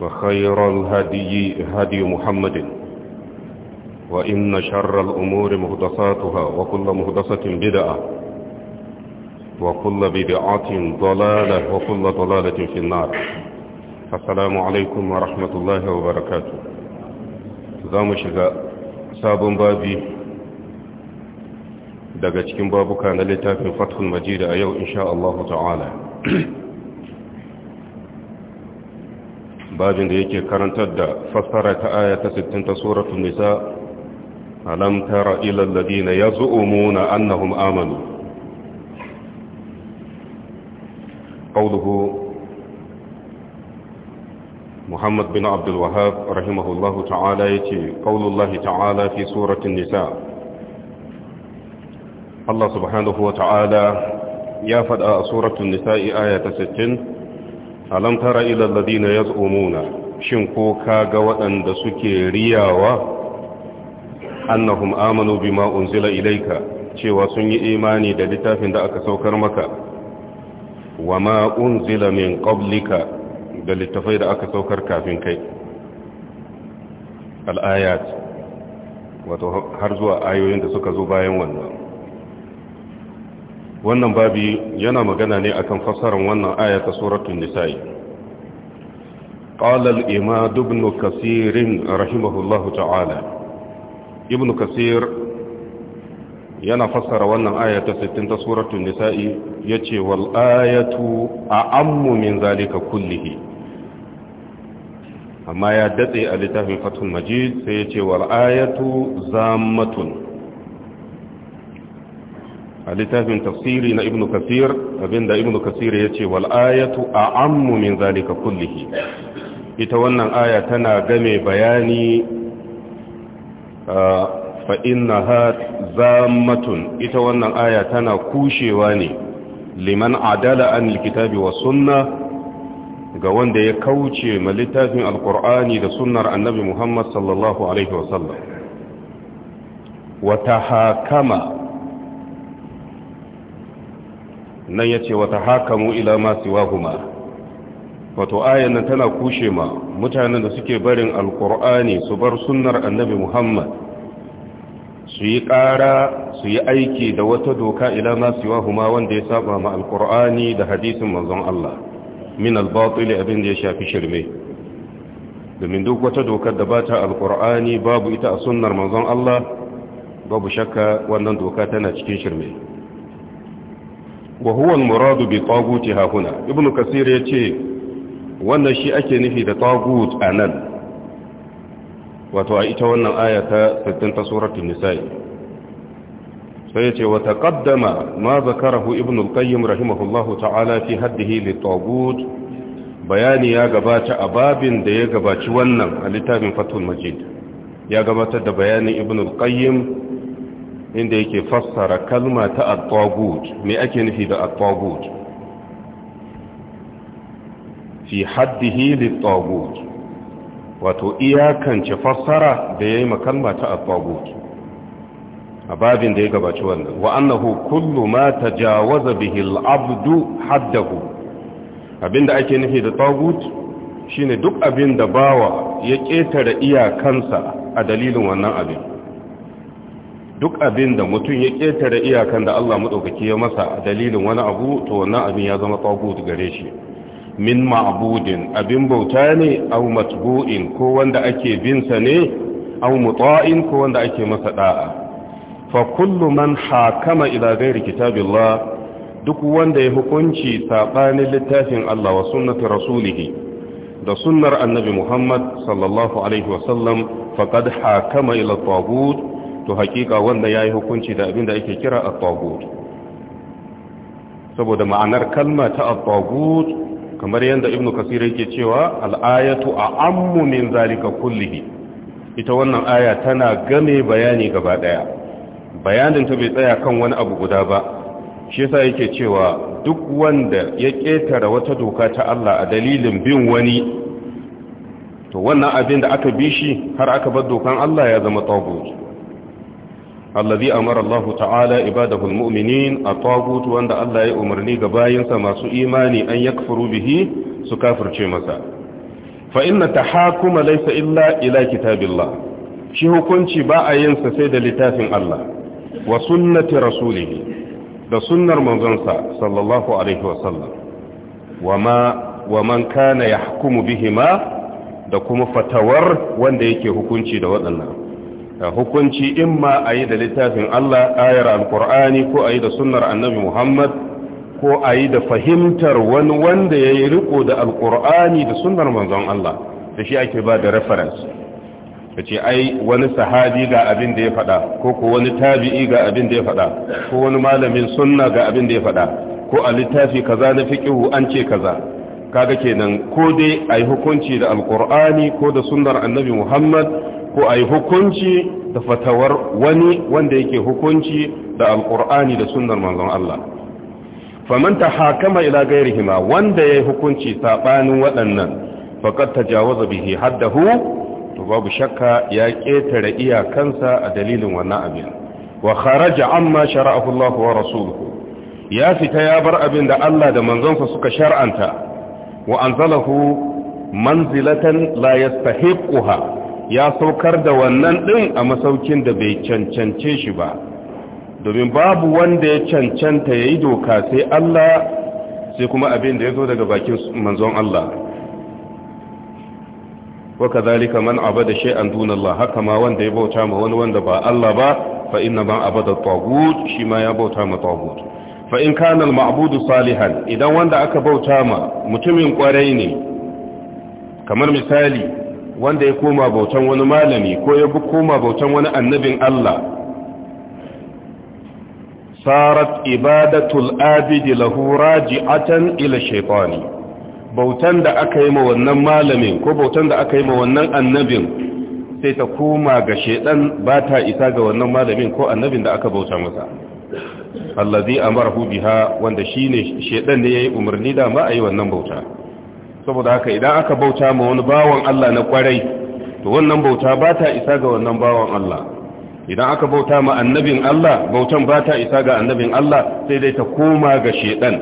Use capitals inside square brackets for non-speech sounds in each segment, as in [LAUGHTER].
وخير الهدي هدي محمد وإن شر الأمور مهدساتها وكل مهدسة بدعة وكل بدعة ضلالة وكل ضلالة في النار السلام عليكم ورحمة الله وبركاته زام شغاء ساب بابي daga cikin babuka na littafin fathul majid a yau insha Allah ta'ala bajin da yake karantar da fassara ta aya ta 60 ta suratul nisa alam tara ila alladhina yaz'umuna annahum amanu qawluhu محمد بن عبد الوهاب رحمه الله تعالى يتي قول الله تعالى في سورة النساء الله سبحانه وتعالى يافد سورة النساء آية 60 alam tara ila alladhina yaz'umuna shin ko kaga waɗanda suke riyawa annahum amanu bima unzila ilayka cewa sun yi imani da littafin da aka saukar maka wama unzila min qablika da littafai da aka saukar kafin kai al-ayat wato har zuwa ayoyin da suka zo bayan wannan wannan babi yana magana ne akan fasarar wannan aya ta suratul nisa'i qala al-imam ibn kasir rahimahullahu ta'ala ibn kasir yana fassara wannan aya ta 60 ta suratul nisa'i yace wal ayatu a'ammu min zalika kullihi amma ya datse a littafin fatul majid sai yace wal ayatu zammatun a littafin tafsiri na ibnu kasir abinda ibnu kasir ya ce wal'ayatu a a'ammu min zalika kullihi ita wannan aya tana game bayani ah, fa innaha zammatun ita wannan aya tana kushewa ne liman adala an likitabi wa sunna ga wanda ya kauce ma littafin alkur'ani da sunnar annabi muhammad sallallahu alaihi wasallam wata hakama nan ya ce wata hakamu ila masu wahuma wato ayan nan tana kushe ma mutanen da suke barin alkur'ani su bar sunnar annabi muhammad su yi ƙara su yi aiki da wata doka ila masu wahuma wanda ya saba ma alkur'ani da hadisin manzon Allah min albatili abin da ya shafi shirme domin duk wata dokar da ba ta alkur'ani babu ita a sunnar manzon Allah babu shakka wannan doka tana cikin shirme wa huwa al-muradu bi taguti ha huna ibnu kasir yace wannan shi ake nufi da tagut anan wato a ita wannan aya ta 60 ta nisa'i sai yace wa taqaddama ma zakarahu ibnu al-qayyim rahimahullahu ta'ala fi haddihi li tagut bayani ya gabata a babin da ya gabaci wannan a littafin fatul majid ya gabatar da bayanin ibnu al-qayyim inda yake fassara kalma ta al tagut me ake nufi da al tagut fi haddihi lit-tagut wato iyakance fassara da yayi kalma ta al tagut a babin da ya gabaci wannan wa annahu kullu ma tajawaza bihi al-abdu haddahu abinda ake nufi da tagut shine duk abin da bawa ya ketare iyakansa a dalilin wannan abin duk abin da mutum ya ƙetare iyakan da Allah maɗaukaki ya masa a dalilin wani abu to wannan abin ya zama tsagut gare shi min ma'budin abin bauta ne au matbu'in ko wanda ake binsa ne au muta'in ko wanda ake masa ɗa'a. fa kullu man hakama ila ghairi kitabillah duk wanda ya hukunci saɓanin littafin Allah wa sunnati rasulih da sunnar annabi Muhammad sallallahu alaihi wasallam faqad hakama ila tagut to hakika wanda ya yi hukunci da abin da ake kira a saboda ma'anar kalma ta a kamar yadda ibn kasir yake cewa al'ayatu a ammu min zalika kullihi ita wannan aya tana game bayani gaba daya bayanin ta bai tsaya kan wani abu guda ba shi yasa yake cewa duk wanda ya ketara wata doka ta Allah a dalilin bin wani to wannan abin da aka bi shi har aka bar dokan Allah ya zama tagut allazi amara Allah ta'ala ibadahu almu'minin at-taghut wanda Allah ya yi umarni ga bayansa masu imani an yakfuru bihi su kafirce masa fa inna laisa illa ila kitabillah shi hukunci ba a yin sa sai da littafin Allah wa sunnati rasulih da sunnar manzonsa sallallahu alaihi wa sallam wa man kana yahkumu bihima da kuma fatawar wanda yake hukunci da waɗannan Eh, hukunci in ma a yi da littafin Allah ayar alkur'ani ko a yi da sunnar annabi Muhammad ko a yi da fahimtar wani wanda ya yi riko da alkur'ani da sunnar manzon Allah da shi ake ba da reference da ce ai wani sahabi ga abin da ya faɗa ko ko wani tabi'i ga abin da ya faɗa ko wani malamin sunna ga abin da ya faɗa ko a littafi kaza na fiqihu an ce kaza kaga kenan ko dai ai hukunci da alkur'ani ko da sunnar annabi Muhammad ko a yi hukunci da fatawar wani wanda yake hukunci da alƙur'ani da sunnar manzon Allah faman hakama ila hima wanda ya yi hukunci saɓanin waɗannan faƙar ta jawaza bihi haddahu to babu shakka ya ƙetare iyakansa a dalilin wannan abin wa kharaja amma shara'ahu Allah wa rasuluhu ya fita ya bar abin da Allah da manzonsa suka shar'anta wa anzalahu manzilatan la yastahiquha ya saukar da wannan ɗin a masaukin da bai cancance shi ba domin babu wanda ya cancanta ya yi doka sai Allah sai kuma abin da ya zo daga bakin manzon Allah waka zalika man abada shay'an dunallah haka ma wanda ya bauta ma wani wanda ba Allah ba fa inna ma abada tagut shi ma ya bauta ma tagut fa in kana al-ma'budu salihan idan wanda aka bauta ma mutumin kwarai ne kamar misali wanda ya koma bautan wani malami ko ya koma bautan wani annabin Allah sarat ibadatul abidi lahu raji'atan ila shaytani bautan da aka yi ma wannan malamin ko bautan da aka yi ma wannan annabin sai ta koma ga shaytan ba ta isa ga wannan malamin ko annabin da aka bauta masa allazi amarahu biha wanda shine shaytan ne yayi umarni da ma ayi wannan bauta saboda haka idan aka bauta ma wani bawan Allah na kwarai to wannan bauta ba ta isa ga wannan bawan Allah idan aka bauta ma annabin Allah bautan ba ta isa ga annabin Allah sai dai ta koma ga shedan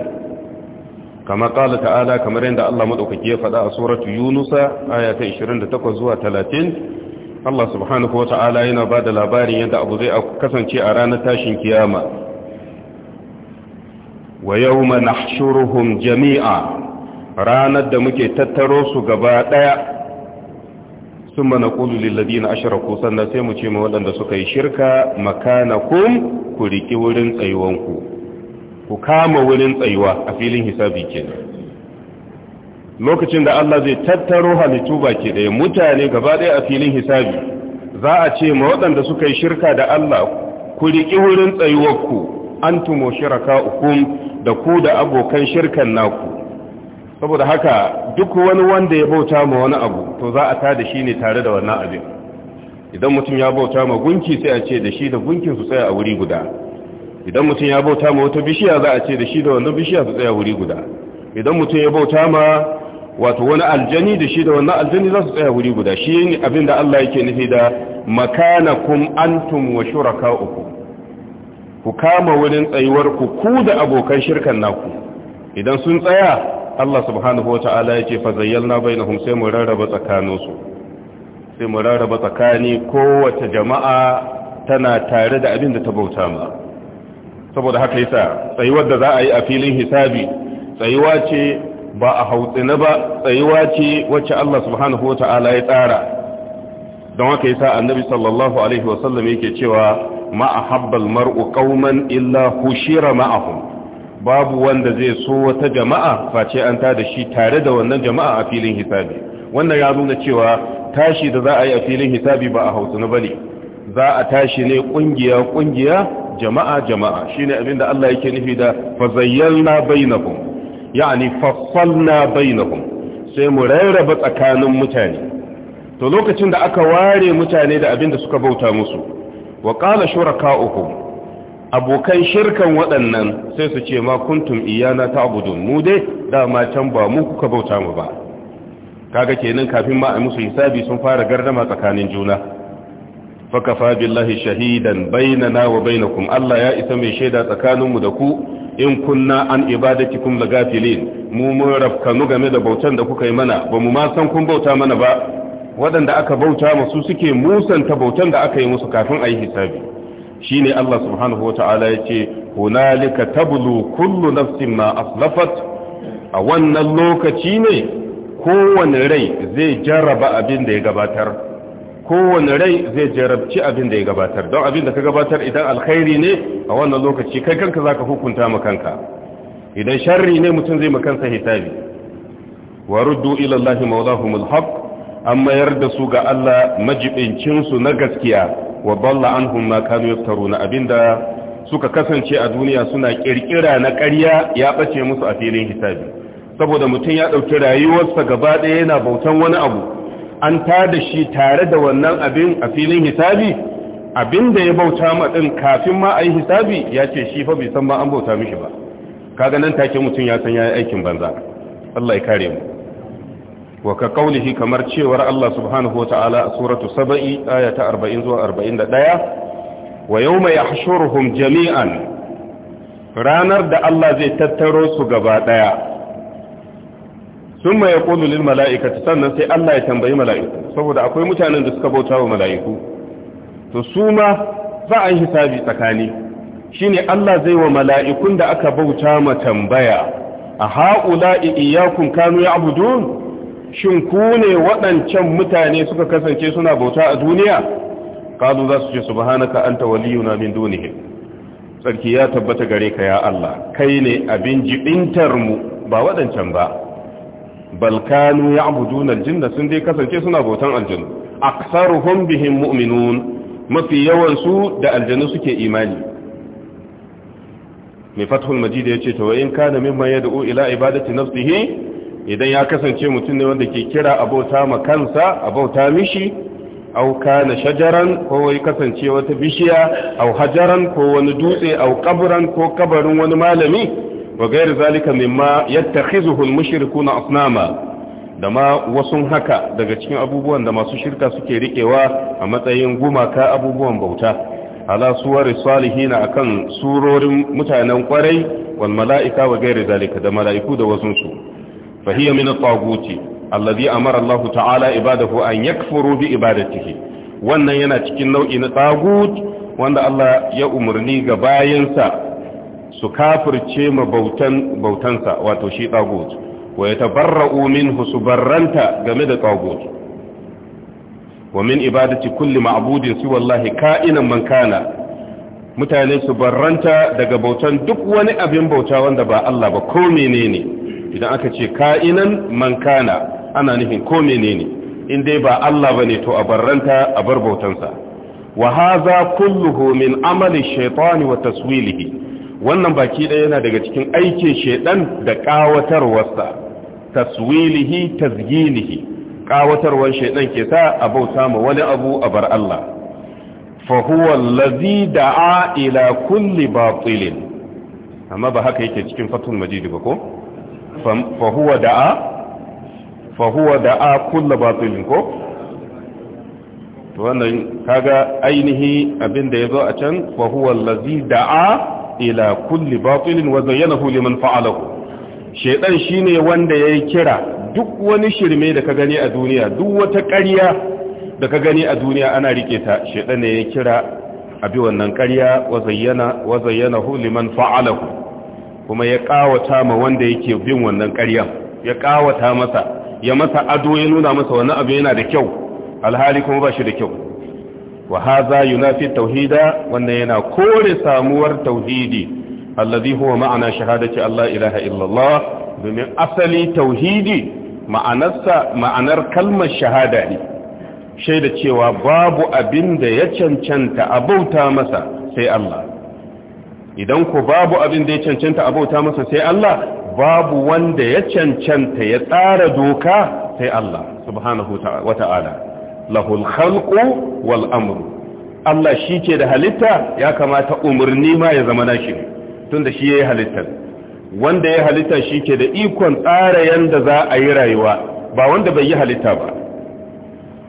kama kala ta'ala kamar yadda Allah maɗaukaki ya faɗa a suratu yunusa aya ta 28 zuwa 30 Allah subhanahu wa ta'ala yana ba da labarin yadda abu zai kasance a ranar tashin kiyama wa ma nahshuruhum jami'a ranar da muke tattaro su gaba ɗaya sun mana ƙulu ashirar kusan sannan sai mu ce ma waɗanda suka yi shirka kun ku riƙi wurin tsayuwanku ku kama wurin tsayuwa a filin hisabi kenan lokacin da Allah zai tattaro halittu ke ɗaya mutane gaba ɗaya a filin hisabi za a ce ma waɗanda suka yi shirka da Allah ku riƙi wurin tsayuwarku an tumo shiraka da ku da abokan shirkan naku saboda haka duk wani wanda ya bauta ma wani abu to za a tada shi ne tare da wannan abin idan mutum ya bauta ma gunki sai a ce da shi da gunkin su tsaya a wuri guda idan mutum ya bauta ma wata bishiya za a ce da shi da wannan bishiya su tsaya a wuri guda idan mutum ya bauta ma wato wani aljani da shi da wannan aljani za su tsaya a wuri guda shi ne abin da Allah yake nufi da makanakum antum wa shuraka'ukum ku kama wurin tsayuwar ku ku da abokan shirkan naku idan sun tsaya Allah subhanahu wata'ala yake fa zayyalna bainahum sai mu rarraba tsakaninsu sai mu rarraba tsakani kowace jama'a tana tare da abin da ta bauta ma saboda haka yasa tsayuwar da za a yi a filin hisabi tsayuwa ce ba a hautsina ba tsayuwa ce wacce Allah subhanahu wata'ala ya tsara don haka yasa annabi sallallahu alaihi wasallam yake cewa ma ahabbal mar'u qauman illa hushira ma'ahum babu wanda zai so wata jama'a face an ta da shi tare da wannan jama'a a filin hisabi wannan ya nuna cewa tashi da za a yi a filin hisabi ba a Hausuna ba bane za a tashi ne kungiya kungiya jama'a jama'a shine abin da Allah yake nufi da fazayyalna bainakum yani fassalna bainakum sai mu rarraba tsakanin mutane to lokacin da aka ware mutane da abin da suka bauta musu wa qala uku. abokan shirkan waɗannan sai su ce ma kuntum iyana abudun mu dai dama can ba mu kuka bauta mu ba kaga kenan kafin ma a musu hisabi sun fara gardama tsakanin juna fa kafa billahi shahidan bainana wa bainakum Allah ya isa mai shaida mu da ku in kunna an ibadatikum lagafilin mu mun rafkanu game da bautan da kuka yi mana ba mu ma san kun bauta mana ba waɗanda aka bauta musu suke musanta bautan da aka yi musu kafin a yi hisabi shine Allah subhanahu wata'ala ce hunalika tablu kullu nafsin ma aslafat a wannan lokaci ne kowane rai zai jarraba abin da ya gabatar kowane rai zai jarabci abin da ya gabatar don abin da ka gabatar idan alkhairi ne a wannan lokaci kai kanka zaka hukunta ma kanka idan sharri ne mutum zai makansa hisabi wa ruddu ila Allahi mawlahumul haqq amma yarda su ga Allah majibincin su na gaskiya wa dalla anhum ma kanu yaftaruna abinda suka kasance a duniya suna kirkira na ƙarya ya bace musu a filin hisabi saboda mutum ya dauki rayuwarsa gaba ɗaya yana bautan wani abu an tada shi tare da wannan abin a filin hisabi abinda ya bauta ma din kafin ma ayi hisabi ya ce shi fa bai san ma an bauta mishi ba kaga nan take mutum ya san yayi aikin banza Allah ya kare mu wa ka kaulihi kamar cewar Allah subhanahu wa ta'ala suratu saba'i aya ta 40 zuwa 41 wa yawma yahshuruhum jami'an ranar da Allah zai tattaro su gaba daya thumma yaqulu lil mala'ikati sannan sai Allah ya tambayi mala'iku saboda akwai mutanen da suka bauta wa mala'iku to su ma za a yi hisabi tsakani shine Allah zai wa mala'ikun da aka bauta ma tambaya a ha'ula'i iyyakum kanu shin ku ne waɗancan mutane suka kasance suna bauta a duniya kalu za su ce subhanaka anta waliyuna min duniya. sarki ya tabbata gare ka ya Allah kai ne abin jibintarmu ba waɗancan ba ya kanu ya'buduna da sun dai kasance suna bautan aljinnu aktsaruhum bihin mu'minun mafi yawan su da aljannu suke imani mai fathul majid ta, to in kana mimma yad'u ila ibadati nafsihi idan ya kasance mutum ne wanda ke kira abauta ma kansa abauta mishi au kana shajaran ko wai kasance wata bishiya au hajaran ko wani dutse au ko kabarin wani malami wa gair zalika mimma yattakhizuhu al-mushrikuna asnama da ma wasu haka daga cikin abubuwan da masu shirka suke rikewa a matsayin gumaka abubuwan bauta ala suwari salihina akan surorin mutanen kwarai wal mala'ika wa gair zalika da mala'iku da wasunsu fa hiya min at-taguti alladhi ta'ala ibadahu an yakfuru bi wannan yana cikin nau'i na tagut wanda Allah ya umarni ga bayansa su kafirce ma bautan bautansa wato shi tagut wa yatabarra'u minhu subarranta game da tagut wa min ibadati kulli ma'budin su Allah ka'inan man kana mutane su barranta daga bautan duk wani abin bauta wanda ba Allah ba ko menene idan aka ce ka'inan man kana ana nufin ko menene in dai ba Allah ba ne to a barranta a bar bautansa wa hadha kulluhu min amali shaytani wa taswilihi wannan baki ɗaya yana daga cikin aikin shaidan da ƙawatarwarsa taswilihi tazyinihi ƙawatarwar shaidan ke sa a bauta ma wani abu a bar Allah fa huwa allazi da'a ila kulli batilin amma ba haka yake cikin fatul majid ba ko fa huwa da'a fa huwa da'a kulla batilin ko to wannan kaga ainihi abinda ya zo a can fa huwa allazi da'a ila kulli batilin wa zayyanahu liman fa'alahu shedan shine wanda yayi kira duk wani shirme da ka gani a duniya duk wata ƙarya da ka gani a duniya ana rike ta shedan ne ya kira abi wannan ƙarya wa zayyana wa zayyanahu liman fa'alahu kuma ya kawata ma wanda yake bin wannan ƙaryan ya kawata masa ya masa ado ya nuna masa wannan abu yana da kyau alhali kuma ba shi da kyau wa haza yunafi tauhida wannan yana kore samuwar tauhidi allazi huwa ma'ana shahadati Allah ilaha illallah domin asali tauhidi ma'anarsa ma'anar kalmar shahada ne shaida cewa babu abin da ya cancanta a bauta masa sai Allah idan ku babu abin da ya cancanta abauta masa sai Allah babu wanda ya cancanta ya tsara doka sai Allah subhanahu wa lahul khalqu wal amru Allah shi ke da halitta ya kamata umarni ma ya zama nashi tunda shi yayi halittar wanda ya halitta shi ke da ikon tsara yanda za a yi rayuwa ba wanda bai yi halitta ba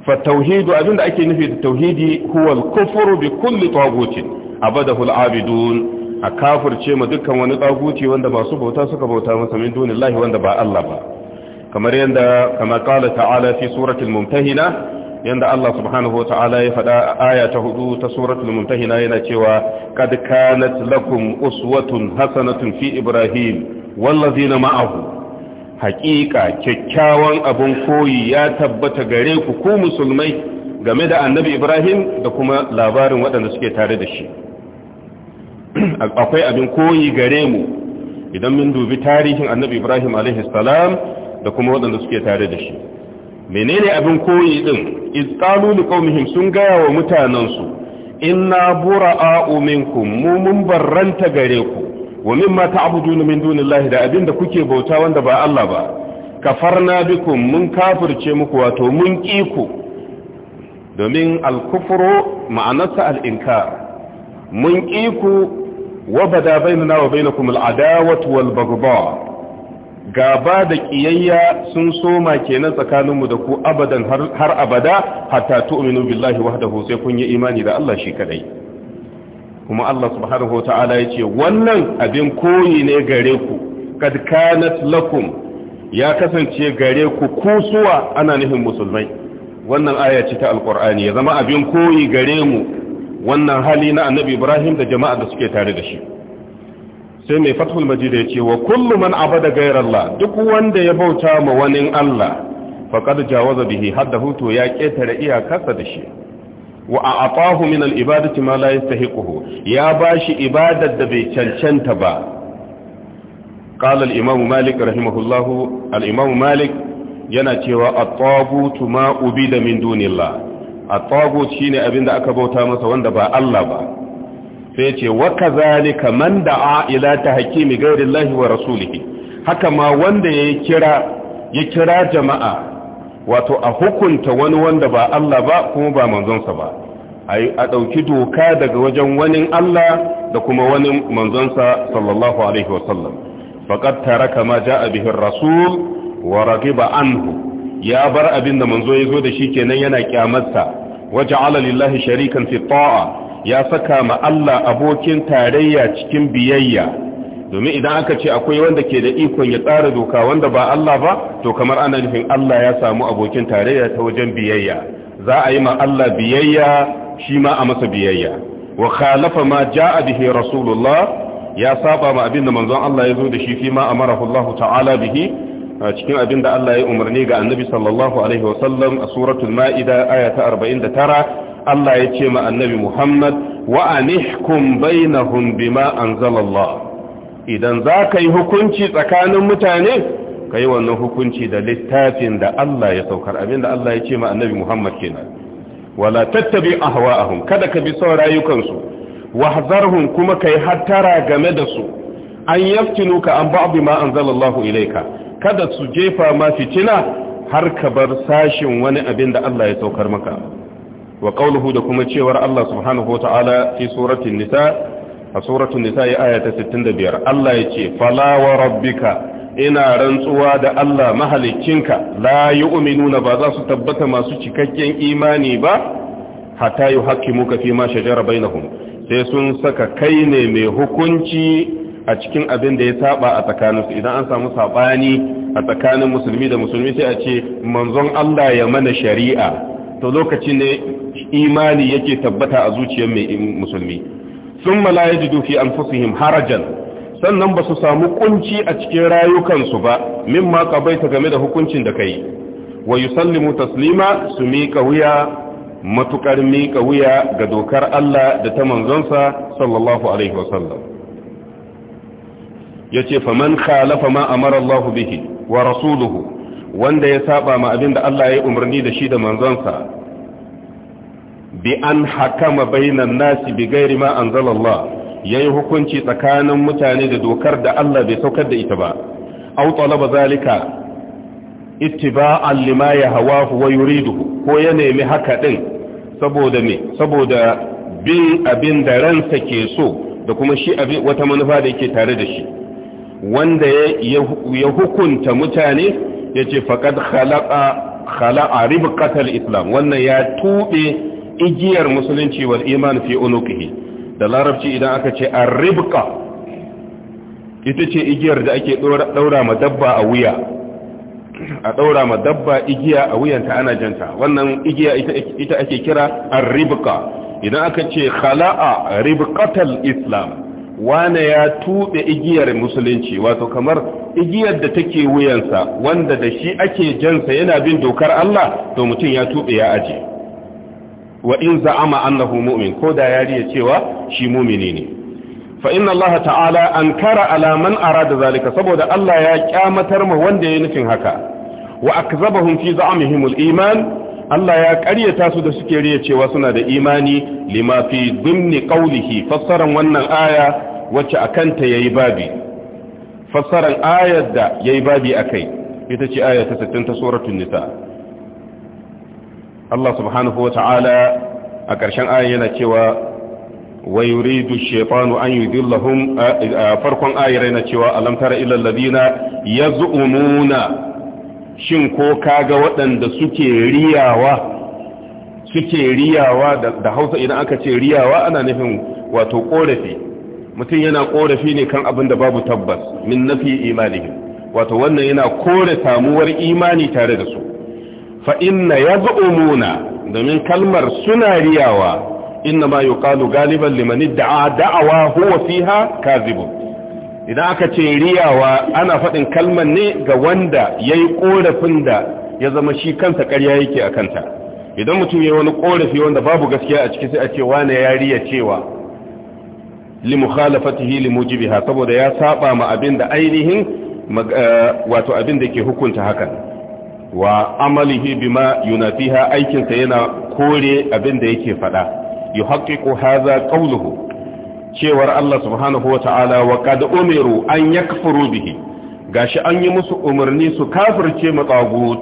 fa tauhidu abinda ake nufi da tauhidi huwa al-kufru bi kulli tawagutin abadahu al-abidun a kafirce ma dukkan wani tsaguci wanda masu bauta suka bauta masa min dunillahi wanda ba Allah ba kamar yanda kama qala ta'ala fi suratul mumtahina yanda Allah subhanahu wa ta'ala ya faɗa aya ta hudu ta suratul mumtahina yana cewa qad kanat lakum uswatun hasanatun fi ibrahim wallazina ma'ahu haqiqa kyakkyawan abun koyi ya tabbata gare ku ku musulmai game da annabi ibrahim da kuma labarin waɗanda suke tare da shi [CLEARS THROAT] akwai abin koyi gare mu idan mun dubi tarihin annabi ibrahim alaihissalam da kuma waɗanda suke tare da shi menene abin koyi din izqalu liqaumihim sun gaya wa mutanensu inna bura minkum mu mun barranta gare ku wa mimma duni min dunillahi da abin da kuke bauta wanda ba Allah ba kafarna bikum mun kafirce muku wato mun ki ku domin al-kufru ma'anarsa al-inkar mun ki ku وبدا بيننا وبينكم العداوة والبغضاء gaba da kiyayya sun soma kenan tsakaninmu da ku abadan har abada hatta tu'minu billahi wahdahu sai kun yi imani da Allah shi kadai kuma Allah subhanahu wataala yace wannan abin koyi ne gare ku kad kanat lakum ya kasance gare ku kusuwa ana nihin musulmai wannan aya ce ta alqur'ani ya zama abin koyi gare mu wannan hali na annabi ibrahim da jama'a da suke tare da shi sai mai fathul majid ya ce wa kullu man abada gairallah duk wanda ya bauta ma wani allah faqad jawaza bihi haddahu hutu ya ketare iyakarsa da shi wa a'atahu min al-ibadati ma la yastahiquhu ya bashi ibadar da bai cancanta ba qala al-imam malik rahimahullahu al-imam malik yana cewa at-tabutu ma ubida min dunillah a tago ne abin da aka bauta masa wanda ba Allah ba sai ce waka kazalika man da'a ila hakimi ghairi Allah wa rasulihi haka ma wanda ya kira ya kira jama'a wato a hukunta wani wanda ba Allah ba kuma ba manzonsa ba a ɗauki doka daga wajen wani Allah da kuma wani manzonsa sallallahu alaihi wasallam faqad taraka ja'a bihi rasul wa ragiba anhu ya bar abin da manzo ya zo da shi kenan yana kyamarsa wajen alalillahi sharikan fi ya saka ma Allah abokin tarayya cikin biyayya domin idan aka ce akwai wanda ke da ikon ya tsara doka wanda ba Allah ba to kamar ana nufin Allah ya samu abokin tarayya ta wajen biyayya za a yi ma Allah biyayya shi ma a masa biyayya wa khalafa ma ja'a bihi rasulullah ya saba ma abin da manzon Allah ya zo da shi fi ma amarahu Allah ta'ala bihi a cikin abin da Allah ya umarni ga annabi sallallahu alaihi wasallam a suratul ma'ida aya ta 49 Allah ya ce ma annabi Muhammad wa anihkum bainahum bima anzalallah idan za ka yi hukunci tsakanin mutane ka yi wannan hukunci da littafin da Allah ya saukar abin da Allah ya ce ma annabi Muhammad kenan wala tattabi ahwa'ahum kada ka bi son rayukansu wahzarhum kuma kai hattara game da su an yaftinu an ba'd ma anzalallahu ilayka kada su jefa ma fitina har ka bar sashin wani abin da Allah ya saukar maka wa qawluhu da kuma cewar Allah subhanahu wataala fi suratul nisa a suratul nisa ya aya ta 65 Allah ya ce fala wa rabbika ina rantsuwa da Allah mahalikinka la yu'minuna ba za su tabbata masu cikakken imani ba hatta yuhaqqimuka fi ma shajara bainahum sai sun saka kai ne mai hukunci a cikin abin da ya saba a tsakaninsu idan an samu sabani a tsakanin musulmi da musulmi sai a ce manzon Allah ya mana shari'a to lokaci ne imani yake tabbata a zuciyar mai musulmi sun mala ya jidu fi harajan sannan ba su samu kunci a cikin rayukansu ba mimma kabaita game da hukuncin da kai wa sallimu taslima su miƙa wuya matukar miƙa wuya ga dokar Allah da ta manzonsa sallallahu alaihi wasallam yace faman khalafa ma amara Allah bihi wa rasuluhu wanda ya saba ma abinda Allah ya yi umarni da shi da manzonsa bi an hakama bainan nasi bi ghairi ma anzala Allah yayi hukunci tsakanin mutane da dokar da Allah bai saukar da ita ba aw talaba zalika ittiba'an lima yahawahu wa yuriduhu ko ya nemi haka din saboda me saboda bin abin da ransa ke so da kuma shi abin wata manufa da yake tare da shi wanda ya hukunta mutane ya ce faƙad khala'a ribqatal islam wannan ya tuɓe igiyar musulunci wal iman fi unuqihi da larabci idan aka ce arribqa ita ce igiyar da ake ɗaura ma dabba a wuya a ɗaura ma dabba igiya a wuyanta ana janta wannan igiya ita ake kira arribqa idan aka ce khala'a ribqatal islam wane ya tuɓe igiyar musulunci wato kamar igiyar da take wuyansa wanda da shi ake jansa yana bin dokar Allah to mutum ya tuɓe ya aje wa in za'ama annahu mu'min ko da yariya cewa shi mu'mini ne fa inna Allah ta'ala ankara ala man arada zalika saboda Allah ya kyamatar ma wanda ya nufin haka wa akzabahum fi za'amihim al-iman Allah ya karyata su da suke riya cewa suna da imani lima fi dimni qawlihi fassaran wannan aya wacce akanta yayi babi fassaran ayar da yayi babi akai ita ce aya ta 60 ta suratul nisa Allah subhanahu wata'ala a ƙarshen aya yana cewa wa yuridu shaytanu an yudillahum farkon ayar yana cewa alam tara ila ladina yaz'umuna shin ko kaga waɗanda suke riyawa suke riyawa da hausa idan aka ce riyawa ana nufin wato korafi mutum yana korafi ne kan abin da babu tabbas min nafi imani wato wannan yana kore samuwar imani tare da su fa inna muna domin kalmar suna riyawa inna ma yuqalu galiban liman da'a da'awa huwa fiha kazibu idan aka ce riyawa ana faɗin kalman ne ga wanda ya yi ƙorafin da ya zama shi kansa ƙarya yake a kanta idan mutum ya wani ƙorafi wanda babu gaskiya a ciki sai a ce wane ya riya cewa li mukhalafatihi li mujibiha saboda ya saba ma abin da ainihin eh, wato abin da ke hukunta hakan wa amalihi bima yunafiha aikinsa yana kore abin da yake faɗa yuhaqqiqu hadha qawluhu cewar Allah subhanahu wa ta'ala wa qad umiru an yakfuru bihi gashi an yi musu umarni su kafirce mu tagut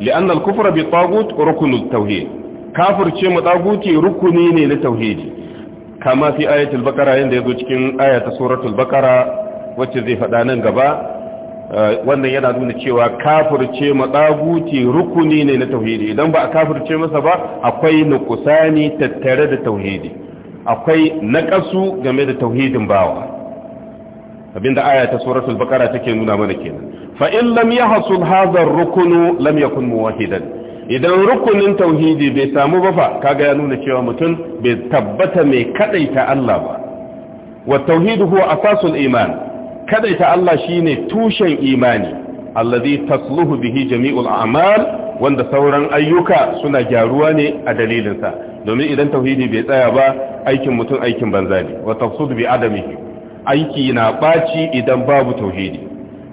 li'anna al-kufra bi tagut rukun tauhid kafirce mu rukuni ne na tauhidi kama fi ayatul baqara yanda yazo cikin ayata suratul baqara wacce zai faɗa nan gaba eh, wannan yana nuna cewa kafirce matsaguti rukuni ne na tauhidi idan ba a kafirce masa ba akwai nukusani tattare da tauhidi akwai naƙasu game da tauhidin bawa abinda aya ta suratul baƙara take nuna mana kenan fa in lam yahsul hadha ar-ruknu lam muwahidan idan rukunin tauhidi bai samu ba fa kaga ya nuna cewa mutum bai tabbata mai kadaita Allah ba wa tauhidu huwa asasul iman kadaita Allah shine tushen imani allazi tasluhu bihi jami'ul a'mal wanda sauran ayyuka suna gyaruwa ne a dalilinsa domin idan tauhidi bai tsaya ba aikin mutum aikin banza ne wa tafsud bi aiki na baci idan babu tauhidi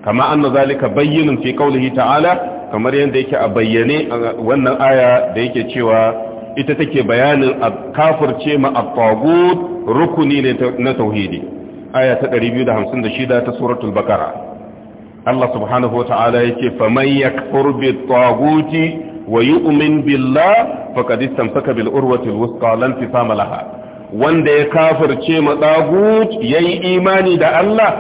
kama anna zalika bayyinun fi qawlihi ta'ala kamar yadda yake a bayyane wannan aya da yake cewa ita take bayanin kafirce ma a tagut rukuni ne na tauhidi aya ta 256 ta suratul bakara Allah subhanahu wa ta'ala yake faman yakfur bit-taguti wa yu'min billah faqad istamsaka bil urwati alwusqa lan tisama laha wanda ya kafirce matsagut yayi imani da Allah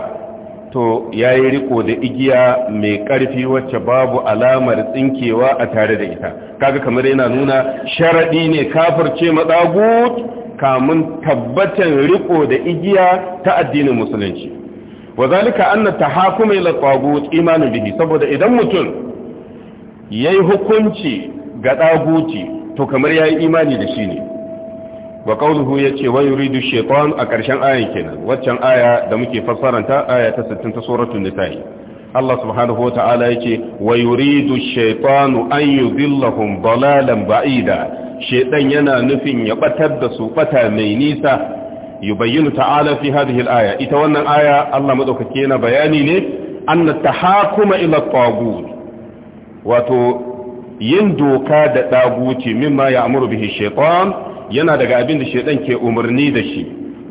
to yayi riƙo da igiya mai ƙarfi wacce babu alamar tsinkewa a tare da ita kaga kamar yana nuna sharaɗi ne kafirce matsagut kamun tabbatan riƙo da igiya ta addinin musulunci wa Annata, anna tahakuma ila tagut imanu bihi saboda idan mutum yayi hukunci ga daguci to kamar yi imani da shi ne wa ya ce wa yuridu shaytan a ƙarshen ayan kenan waccan aya da muke fassaranta aya ta 60 ta suratul nisa'i Allah subhanahu wa ta'ala yace wa yuridu shaytanu an yudillahum dalalan ba'ida shaidan yana nufin ya batar da su bata mai nisa yubayyinu ta'ala fi hadhihi al-aya ita wannan aya Allah madaukake yana bayani ne anna tahakuma ila tagut wato yin doka da daguci mimma ya amuru bihi shaitan yana daga abin da shaitan ke umarni da shi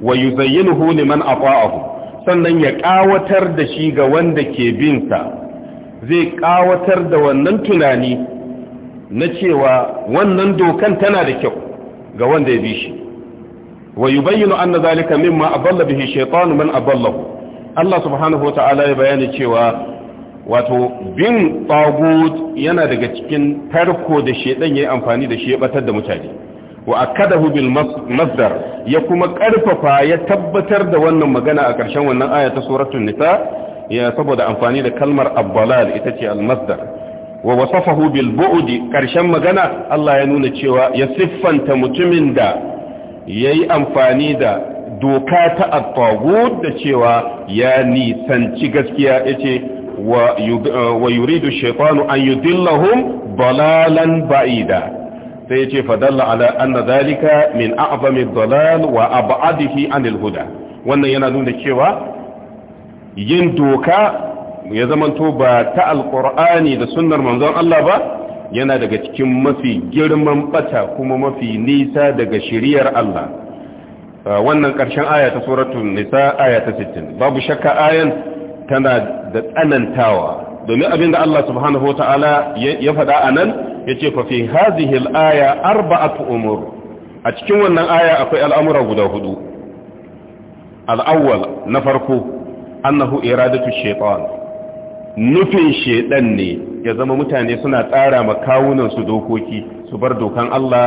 wa yuzayyinuhu liman ata'ahu sannan ya kawatar da shi ga wanda ke bin sa zai kawatar da wannan tunani na cewa wannan dokan tana da kyau ga wanda ya bi shi wa yubayyinu anna zalika mimma aballa bihi shaitan man aballahu Allah subhanahu wa ta'ala ya bayani cewa wato bin tagut yana daga cikin tarko da shedan yayi amfani da shi ya batar da mutane wa akadahu bil masdar ya kuma karfafa ya tabbatar da wannan magana a ƙarshen wannan aya ta suratul nisa ya saboda amfani da kalmar abbalal ita ce al masdar wa wasafahu bil bu'di ƙarshen magana Allah ya nuna cewa ya siffanta mutumin da yayi amfani da doka ta at da cewa ya nisanci gaskiya yace Eh, wa yuridu shaitanu an yudillahum dalalan ba'ida sai yace fadalla ala anna zalika min a'zami dalal wa ab'adihi anil huda wannan yana nuna cewa yin doka ya zamanto ba ta alqur'ani da sunnar manzon Allah ba yana daga cikin mafi girman bata kuma mafi nisa daga shiriyar Allah eh, wannan ƙarshen aya ta suratul nisa aya ta 60 babu shakka ayan tana da tsanantawa domin abin da Allah subhanahu wata'ala ya faɗa a nan ya ce fafi hazihil aya arba'atu umur a cikin wannan aya akwai al'amura guda hudu al'awwal na farko annahu iradatu shaitan nufin shaitan ne ya zama mutane suna tsara makawunansu dokoki su bar dokan Allah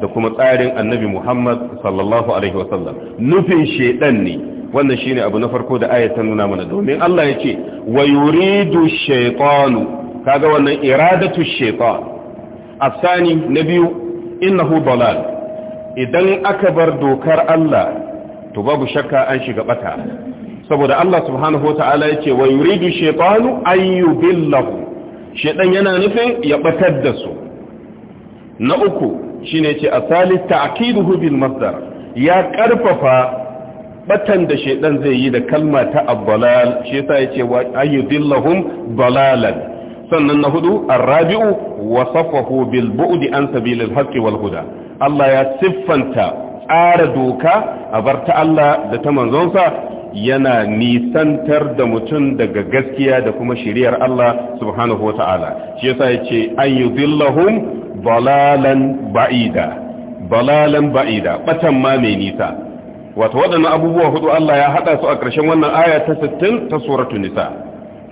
da kuma tsarin annabi Muhammad sallallahu alaihi wasallam nufin shaiɗan ne wannan shine abu na farko da ayat ta nuna mana domin Allah ya ce wa yuridu shaytanu kaga wannan iradatu shaytan asani na biyu innahu dalal idan aka bar dokar Allah to babu shakka an shiga bata saboda Allah subhanahu wataala ya ce wa yuridu shaytanu an yubillahu shaytan yana nufin ya batar da su na uku shine ce asali ta'kiduhu bil masdar ya karfafa batan da shaidan zai yi da kalma ta abbalal shi yasa yace wa ayyudillahum dalalan sannan na hudu arrabi'u wasafahu bil bu'di an sabilil haqqi wal huda Allah ya siffanta tsara doka a bar ta Allah da ta manzonsa yana nisantar da mutum daga gaskiya da kuma shiriyar Allah subhanahu wa ta'ala shi yasa yace ayyudillahum dalalan ba'ida dalalan ba'ida batan ma mai nisa wato waɗannan abubuwa hudu Allah ya haɗa su a ƙarshen wannan aya ta 60 ta suratu nisa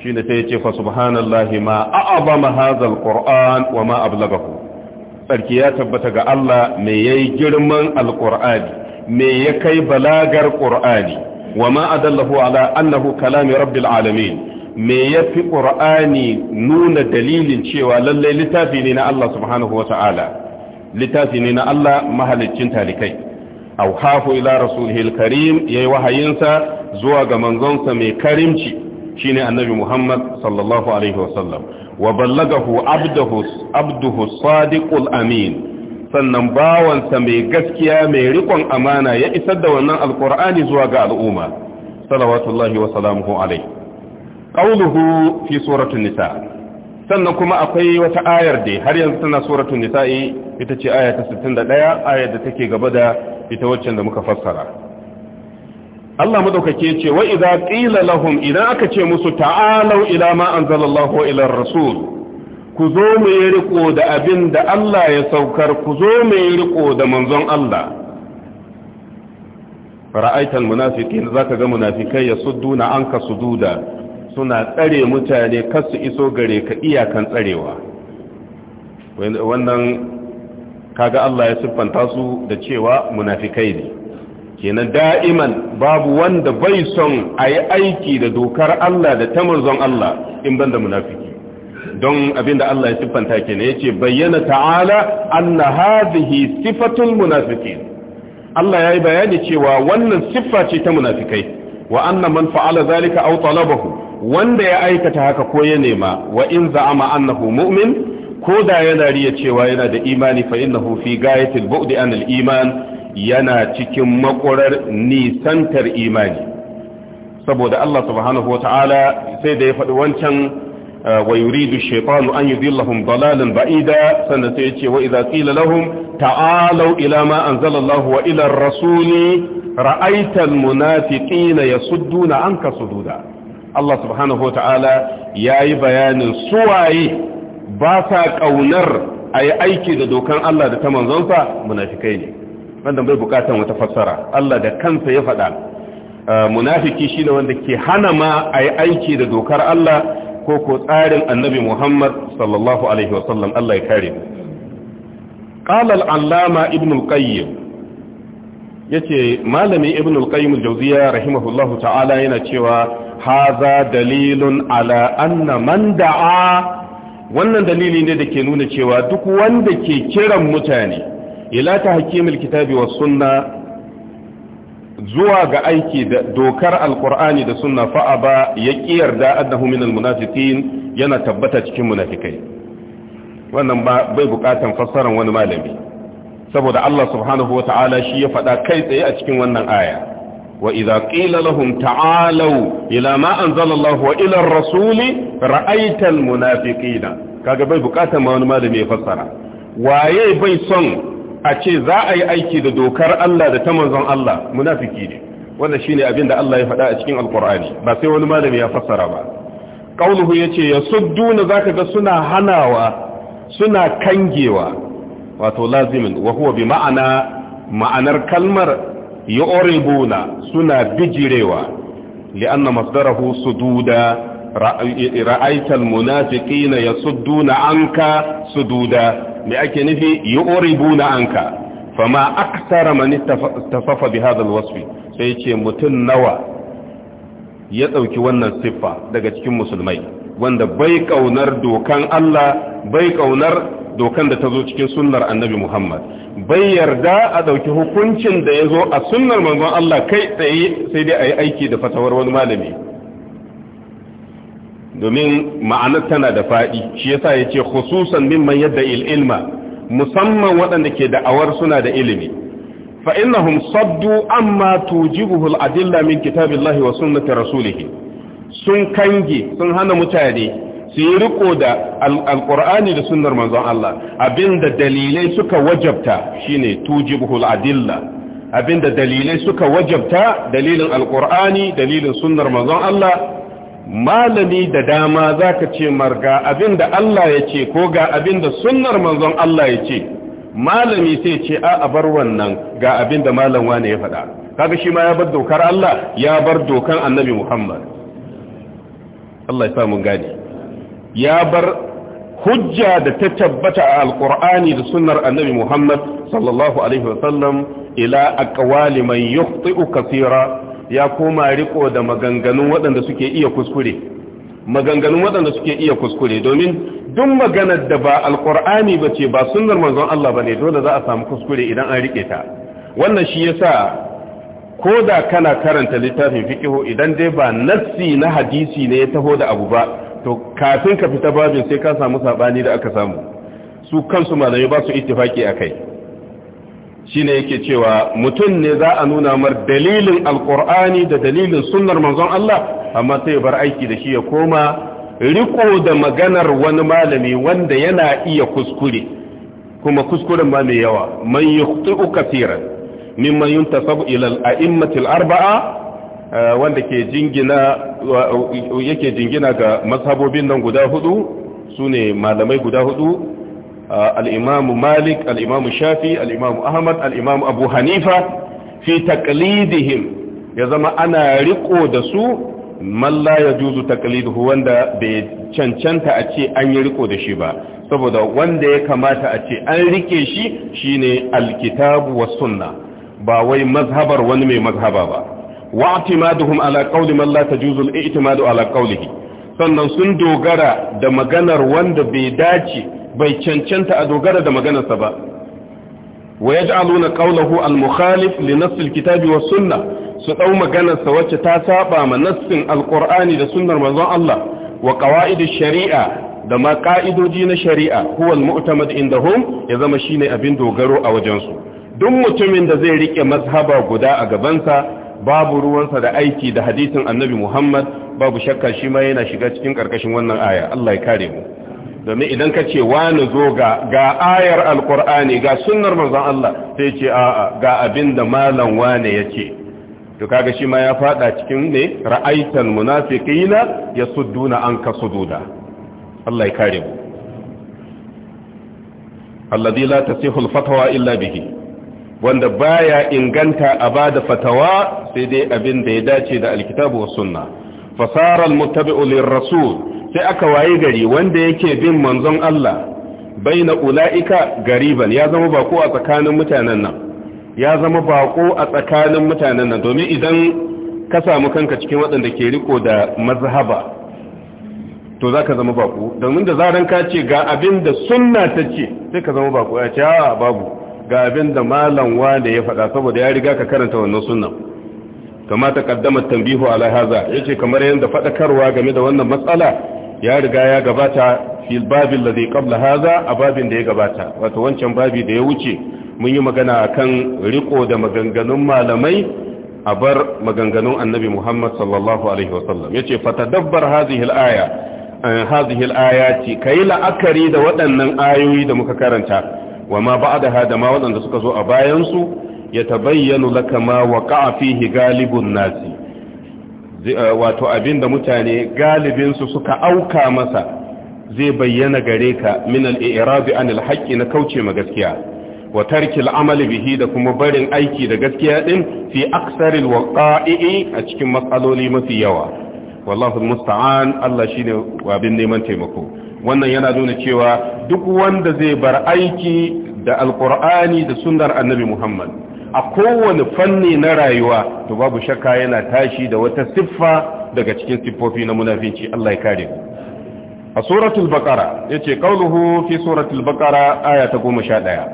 Shina sai ya yace fa subhanallahi ma a'azama hadzal qur'an wa ma ablagahu sarki ya tabbata ga Allah me yayi girman alqur'ani me ya kai balagar qur'ani wa ma adallahu ala annahu kalami rabbil alamin me ya fi qur'ani nuna dalilin cewa lallai littafi ne na Allah subhanahu wa ta'ala littafi ne na Allah mahaliccin talikai auhafu ila rasulihil karim yayi wahayinsa zuwa ga manzonsa mai karimci shine annabi Muhammad sallallahu alaihi wasallam wa ballagahu abduhu abduhu sadiqul amin sannan bawansa mai gaskiya mai rikon amana ya isar da wannan alqur'ani zuwa ga al'umma salawatullahi wa salamuhu qawluhu fi suratul nisa sannan kuma akwai wata ayar da har yanzu tana suratul nisa'i ita ce aya ta 61 ayar da take gaba da ita waccan da muka fassara Allah madaukake ce wa idza qila lahum idan aka ce musu ta'alu ila ma anzalallahu ila rasul ku zo mu yi riko da abin da Allah ya saukar ku zo mu yi riko da manzon Allah ra'aital munafiqin zaka ga munafikai yasudduna anka sududa suna tsare mutane kasu iso gare ka iyakan tsarewa wannan kaga Allah ya siffanta su da cewa munafikai ne kenan da'iman babu wanda bai son a yi aiki da dokar Allah da ta manzon Allah in ban da munafiki don abinda Allah ya siffanta kenan ya ce bayyana ta'ala anna hadhihi sifatul munafiqin Allah ya yi bayani cewa wannan siffa ce ta munafikai wa anna man fa'ala zalika aw talabahu wanda ya aikata haka ko ya nema wa in za'ama annahu mu'min ko da yana riya cewa yana da imani fa innahu fi gayatil bu'di anil iman yana cikin makurar nisantar imani saboda Allah subhanahu wata'ala sai da ya faɗi wancan uh, wa yuridu shaytanu an yudillahum dalalan ba'ida sannan sai ya ce wa idza qila lahum ta'alu ila ma anzalallahu wa ila ar-rasuli ra'aita al-munafiqina yasudduna anka sududa Allah subhanahu wa ta'ala ya yi bayanin suwaye ba sa ƙaunar a yi aiki da dokan Allah da ta manzonsa munafikai ne wanda bai bukatan wata fassara Allah da kansa ya faɗa uh, munafiki shi ne wanda ke hana ma a yi aiki da dokar Allah ko ko tsarin annabi Muhammad sallallahu alaihi wasallam Allah ya kare mu allama yace malami ibn al-qayyim al-jawziya rahimahullahu ta'ala yana cewa haza dalilun ala anna man da'a wannan dalili ne da ke nuna cewa duk wanda ke kiran mutane ila ta hakimul kitabi was sunna zuwa ga aiki da dokar alqur'ani da sunna fa aba ya yarda annahu min almunafiqin yana tabbata cikin munafikai wannan ba bai bukatan fassaran wani malami saboda Allah subhanahu wa ta'ala shi ya faɗa kai tsaye a cikin wannan aya wa idza qila lahum ta'alu ila ma anzala wa rasuli ra'aitan munafikina. kaga bai buƙatar ma wani malami ya fassara waye bai son a ce za a yi aiki da dokar Allah da ta manzon Allah munafiki ne wanda shine abin da Allah ya faɗa a cikin alkur'ani ba sai wani malami ya fassara ba ya yace za zaka ga suna hanawa suna kangewa wato lazimin wa bi ma'ana ma'anar kalmar oribuna suna bijirewa li'anna masdarahu sududa ra'aita almunafiqina yasudduna anka sududa me ake nufi yu'ribuna anka fama aksara man tafafa bi hadha alwasfi sai ce mutum nawa ya ɗauki wannan siffa daga cikin musulmai wanda bai ƙaunar dokan Allah bai ƙaunar. dokan da ta zo cikin sunnar annabi Muhammad bai yarda a ɗauki hukuncin da ya zo a sunnar manzon Allah kai tsaye sai dai a yi aiki da fatawar wani malami domin ma'anar tana da faɗi shi yasa ya ce khususan mimman yadda ililma musamman waɗanda ke da'awar suna da ilimi fa innahum saddu amma tujibuhul adilla min kitabillahi wa sunnati rasulihi sun kange sun hana mutane su yi riko da Alƙur'ani da sunnar manzon Allah abinda dalilai suka wajabta shine tujibuhul adilla abinda dalilai suka wajabta dalilin Alƙur'ani, dalilin sunnar manzon Allah malami da dama zaka ce marga abinda Allah ya ce ko ga abinda sunnar manzon Allah ya ce malami sai ce a bar wannan ga abinda malam wane ya faɗa kaga shi ma ya bar dokar Allah ya bar dokan annabi Muhammad Allah ya sa mun gane ya bar hujja da ta tabbata a alkur'ani da sunnar annabi muhammad sallallahu alaihi wasallam ila aqwali man yukhti'u kathira ya koma riko da maganganun waɗanda suke iya kuskure maganganun waɗanda suke iya kuskure domin duk maganar da ba alkur'ani ba ce ba sunar manzon Allah ba ne dole za a samu kuskure idan an rike ta wannan shi yasa ko da kana karanta littafin fikihu idan dai ba nassi na hadisi ne ya taho da abu ba to kafin ka fita babin sai ka samu sabani da aka samu su kansu malamai ba su ittifaki akai shine yake cewa mutum ne za a nuna mar dalilin alqur'ani da dalilin sunnar manzon Allah amma sai bar aiki da shi ya koma riko da maganar wani malami wanda yana iya kuskure kuma kuskuren ba mai yawa man yukhti'u kaseeran mimman yuntasabu ila al-a'immatil arba'a Eh, wanda ke jingina yake jingina ga mazhabobin nan guda hudu Sune malamai guda hudu eh, al'imamu malik al'imamu shafi al'imamu ahmad al'imamu abu hanifa fi taqlidihim ya zama ana riko da su malla ya juzu taqliduhu wanda bai cancanta a ce an yi riko da shi ba saboda wanda ya kamata a ce an rike shi shine alkitabu was sunna ba wai mazhabar wani mai mazhaba ba واعتمادهم على قول من لا تجوز الاعتماد على قوله sannan sun dogara da maganar wanda bai dace bai cancanta a dogara da maganarsa ba wa yaj'aluna qawlahu al-mukhalif li nass al-kitabi wa sunnah su dau maganarsa wacce ta saba ma nassin al-qur'ani da sunnar manzon Allah wa qawaid sharia da ma ka'idoji na shari'a huwa al-mu'tamad indahum ya zama shine abin dogaro a wajensu duk mutumin da zai rike mazhaba guda a gabansa babu ruwansa da aiki da hadisin annabi Muhammad babu shakka shi ma yana shiga cikin ƙarƙashin wannan aya Allah ya kare mu domin idan ka ce wani zo ga ga ayar alkur'ani ga sunnar manzon Allah sai ce a'a ga abinda malam wane yace to kaga shi ma ya fada cikin ne ra'aitan munafiqina yasudduna anka sududa Allah ya kare mu alladhi la tasihul fatwa illa bihi wanda baya inganta a ba da fatawa sai dai abin da ya dace da alkitabu wa sunna fasara almuttabi'u lirrasul sai aka waye gari wanda yake bin manzon Allah baina ulaika gariban ya zama bako a tsakanin mutanen nan ya zama bako a tsakanin mutanen nan domin idan ka samu kanka cikin waɗanda ke riko da mazhaba to za ka zama bako domin da zaran ka ce ga abin da sunna ta ce sai ka zama bako ya ce a babu ga abin da malam wane ya faɗa saboda ya riga ka karanta wannan sunan kama ta kaddamar tambihu ala haza yace kamar yadda faɗakarwa game da wannan matsala ya riga ya gabata fi babin da zai kabla haza a babin da ya gabata wato wancan babi da ya wuce mun yi magana akan riko da maganganun malamai a bar maganganun annabi muhammad sallallahu alaihi wasallam yace fatadabbar hadhihi al-aya eh, hadhihi al-ayati kai la'akari da waɗannan ayoyi da muka karanta wa ma ba'daha da ma waɗanda suka zo a bayansu ya tabayyanu laka ma waqa'a fihi galibun nasi eh, wato abinda mutane galibinsu suka auka masa zai bayyana gare ka min al-i'rabi an al na kauce ma gaskiya wa tarki amali bihi da kuma barin aiki da gaskiya din fi aksaril waqa'i a cikin matsaloli mafi yawa wallahu musta'an Allah shine wabin neman taimako wannan yana nuna cewa duk wanda zai bar aiki da alkur'ani da sunnar annabi muhammad a kowane fanni na rayuwa to babu shakka yana tashi da wata siffa daga cikin siffofi na munafinci Allah ya kare a suratul baqara yace qauluhu fi suratul Baƙara, aya ta sha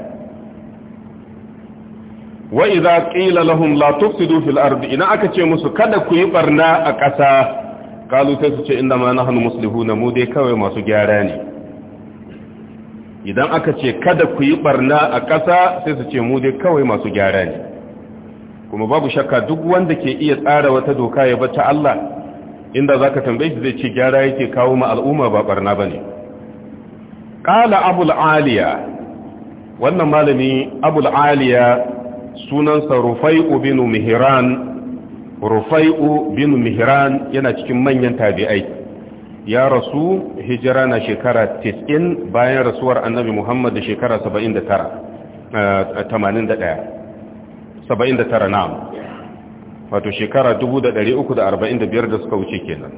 wa idza ƙila lahum la tufsidu fil ardi ina aka ce musu kada ku yi barna a ƙasa kalu sai su ce inda ma nahnu muslihuna mu dai kawai masu gyara ne idan aka ce kada ku yi barna a ƙasa sai su ce mu dai kawai masu gyara ne kuma babu shakka duk wanda ke iya tsara wata doka ya bata Allah inda zaka tambaye shi zai ce gyara yake kawo ma al'umma ba barna bane qala abul aliya wannan malami abul aliya sa rufai obinu mihran rufai'u bin mihran yana cikin manyan tabi'ai ya rasu hijira na shekara 90 bayan rasuwar annabi muhammad da shekara 79 81 79 na'am wato shekara 345 da suka wuce kenan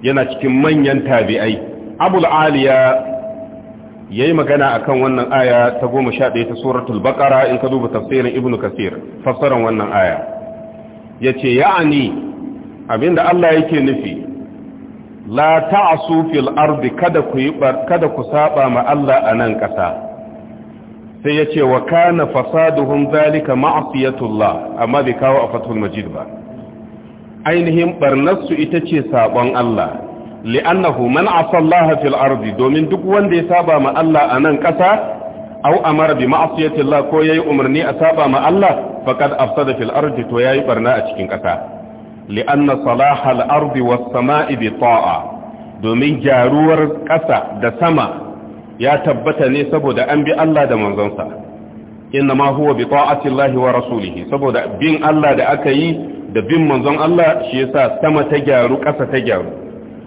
yana cikin manyan tabi'ai abul aliya yayi magana akan wannan aya ta 11 ta suratul baqara in ka duba tafsirin ibnu kasir fassaran wannan aya ya ce ya'ani abinda Allah yake nufi la ta'asu fil ardi kada ku yi kada ku saba ma Allah a nan ƙasa sai yace wa kana fasaduhum zalika ma'siyatullah amma bai kawo a fatul majid ba ainihin barnarsu ita ce sabon Allah li'annahu man asallaha fil ardi domin duk wanda ya saba ma Allah a nan ƙasa au amara bi ma'siyatillah ko yayi umarni a saba ma Allah faqad afsada fil ardi to yayi barna a cikin ƙasa li'anna salaha al ardi was sama'i bi ta'a domin gyaruwar ƙasa da sama ya tabbata ne saboda an bi Allah da manzonsa inna ma huwa bi ta'ati Allah wa rasulihi saboda bin Allah da aka yi da bin manzon Allah shi yasa sama ta gyaru ƙasa ta gyaru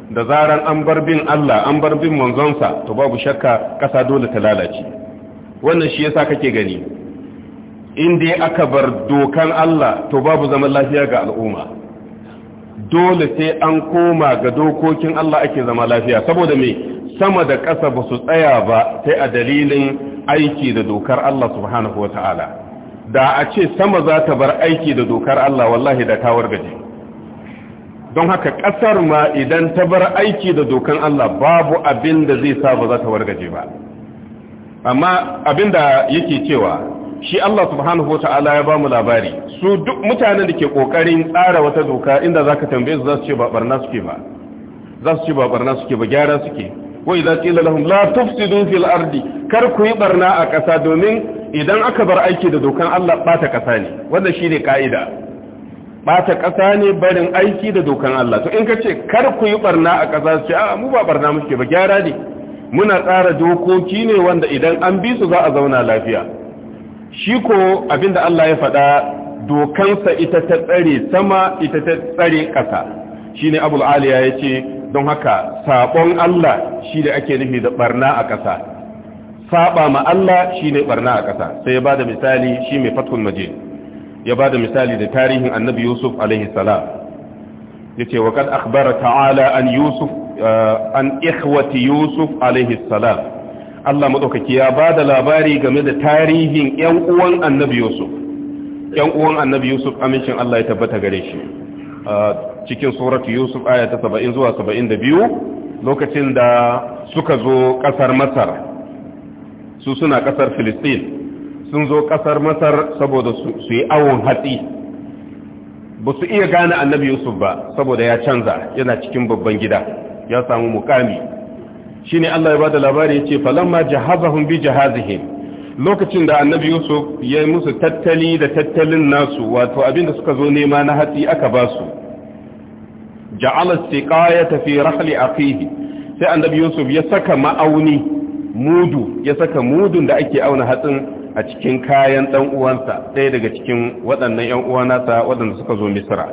da zaran an bar bin Allah an bar bin manzonsa to babu shakka ƙasa dole ta lalace wannan shi yasa kake gani in dai aka bar dokan Allah to babu zaman lafiya ga al'umma dole sai an koma ga dokokin Allah ake zama lafiya saboda me sama da ƙasa ba su tsaya ba sai a dalilin aiki da dokar Allah subhanahu wa ta'ala da a ce sama za ta bar aiki da dokar Allah wallahi da tawar gaji don haka ƙasar ma idan ta bar aiki da dokan Allah babu abin da zai sa ba za ta wargaje ba amma abin da yake cewa shi Allah subhanahu wa ta'ala ya ba mu labari su duk mutanen da ke kokarin tsara wata doka inda zaka tambaye su za su ce ba barna suke ba za su ce ba barna suke ba gyara suke wa za qila lahum la tufsidu fil ardi kar ku yi barna a ƙasa domin idan aka bar aiki da dokan Allah bata ƙasa ne wannan shine kaida bata ƙasa ne barin aiki da dokan Allah to in ka ce kar ku yi barna a ƙasa ce a mu ba barna muke ba gyara ne muna tsara dokoki ne wanda idan an bi su za a zauna lafiya shi ko abinda Allah ya faɗa dokansa ita ta tsare sama ita ta tsare ƙasa shine abul aliya ya ce don haka saɓon Allah shi da ake nufi da barna a ƙasa saɓa ma Allah shi ne barna a ƙasa sai ya da misali shi mai fathul majid ya bada misali da tarihin annabi yusuf alaihi salam ya ce wa kad akhbara ta'ala an yusuf eh, an ikhwati yusuf alaihi salam Allah maɗaukaki ya ba da labari game da tarihin yan uwan annabi Yusuf yan uwan annabi Yusuf amincin Allah ya tabbata gare shi cikin suratu Yusuf aya ta saba'in da biyu, lokacin da suka zo ƙasar Masar su suna ƙasar Filistin sun zo ƙasar Masar saboda su yi awon hatsi ba su iya gane annabi Yusuf ba saboda ya canza yana cikin babban gida ya samu mukami shine Allah ya bada labari yace falamma jahazahum bi jahazihim lokacin da annabi Yusuf ya musu tattali da tattalin nasu wato abinda suka zo nema na hatsi aka ba su ja'ala siqayata fi rahli aqihi sai annabi Yusuf ya saka ma'auni mudu ya saka mudun da ake auna hatsin a cikin kayan dan uwansa ɗaya daga cikin waɗannan ƴan uwa waɗanda suka zo Misra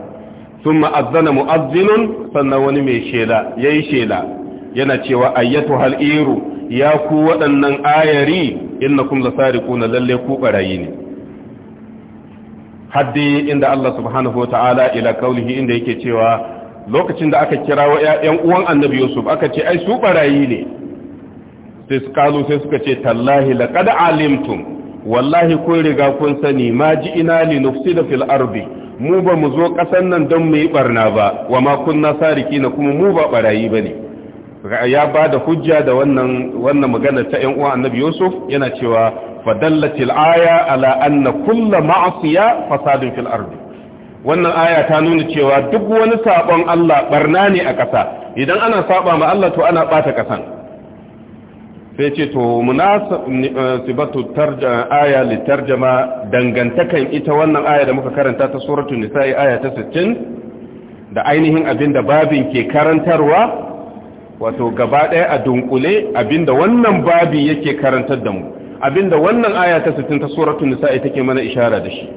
thumma azzana mu'azzinun sannan wani mai shela yayi shela yana cewa ayyatu hal iru ya ku waɗannan ayari innakum na lalle ku barayi ne haddi inda Allah subhanahu wa ta'ala ila kaulihi inda yake cewa lokacin da aka kira wa ‘yan uwan annabi Yusuf aka ce, ai, su barayi ne, sai su kalu sai suka ce, tallahi laƙada alimtum, wallahi kun riga kun sani, ma ji ina li nufsida da fil mu ba mu zo ƙasan nan don mu yi barna ba, wa ma kunna sariki na kuma mu ba barayi ba ne. ya ba da hujja da wannan magana ta yan uwa annabi yusuf yana cewa fadallatil aya ala anna kullu ma'siya fasadun fil ardi wannan aya ta nuna cewa duk wani sabon Allah barna ne a ƙasa idan ana saba ma Allah to ana bata ƙasan sai ce to munasibatu tarjama aya li tarjama dangantakan ita wannan aya da muka karanta ta suratul nisa'i aya ta 60 da ainihin abin da babin ke karantarwa wato gaba ɗaya a dunkule abinda wannan babi yake karantar da mu abinda wannan aya ta 60 ta suratul nisa'i take mana ishara da shi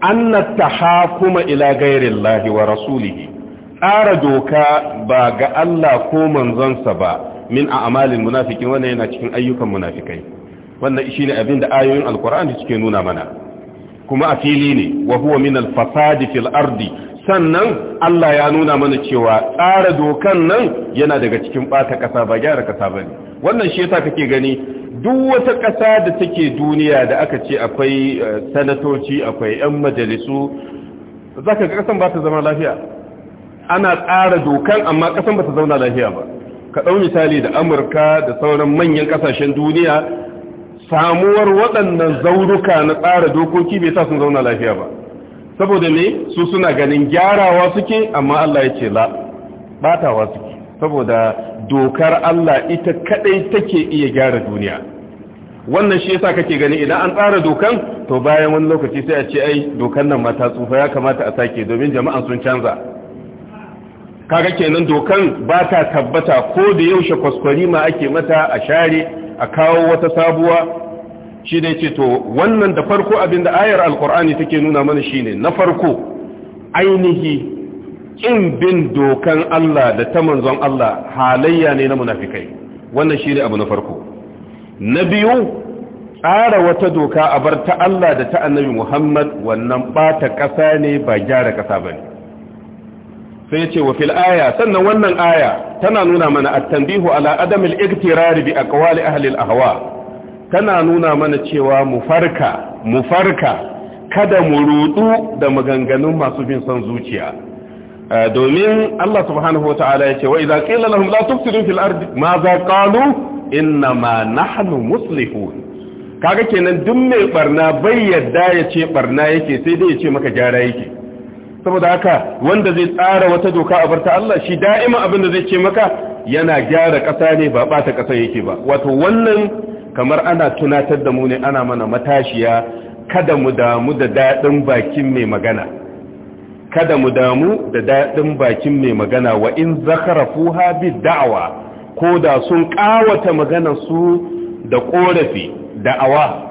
anna tahakuma ila ghairillahi wa rasulihi tsara doka ba ga Allah ko manzonsa ba min a'malil munafiqin wannan yana cikin ayyukan munafikai wannan shine abinda ayoyin alqur'ani suke nuna mana kuma a fili ne wa huwa min alfasadi fasadi fil ardi sannan Allah ya nuna mana cewa tsara dokan nan yana daga cikin bata kasa ba gyara ƙasa ba ne wannan shi yasa kake gani duk wata ƙasa da take duniya da aka ce akwai eh, sanatoci akwai 'yan majalisu za ga ƙasan ba ta zama lafiya ana tsara dokan amma ƙasan ba ta zauna lafiya ba ka ɗau misali da amurka da sauran manyan ƙasashen duniya samuwar waɗannan zauruka na tsara dokoki bai sa sun zauna lafiya ba saboda me su suna ganin gyarawa suke amma Allah ya ce la batawa suke saboda dokar Allah ita kadai take iya gyara duniya wannan shi yasa kake gani idan an tsara dokan to bayan wani lokaci sai a ce ai dokan nan mata tsufa ya kamata a sake domin jama'an sun canza kaga kenan dokan ba ta tabbata ko da yaushe kwaskwari ma ake mata a share a kawo wata sabuwa shi ne ce to wannan da farko abinda ayar alkur'ani take nuna mana shine na farko ainihi in bin dokan Allah da ta manzon Allah halayya ne na munafikai wannan shine abu na farko na biyu tsara wata doka a bar ta Allah da ta annabi Muhammad wannan bata ƙasa ne ba gyara ƙasa ne. sai ce wa fil aya sannan wannan aya tana nuna mana at-tanbihu ala adamil iktirari bi aqwali ahli al-ahwa tana nuna mana cewa mu farka mu farka kada mu rudu da maganganun masu bin son zuciya eh, domin Allah subhanahu wa ya ce wa idza qila lahum la tufsidu fil ardi ma za qalu inna ma nahnu muslihun kaga kenan duk mai barna bai yadda ya ce barna yake sai dai ya ce maka gyara yake saboda haka wanda zai tsara wata doka a barta Allah shi da'ima abin da zai ce maka yana gyara ƙasa ne ba bata ƙasa yake ba wato wannan kamar ana tunatar da mu ne ana mana matashiya kada mu damu da daɗin bakin mai magana kada mu damu da daɗin bakin mai magana wa in ha bi da'awa ko da sun ƙawata maganar su da ƙorafi da'awa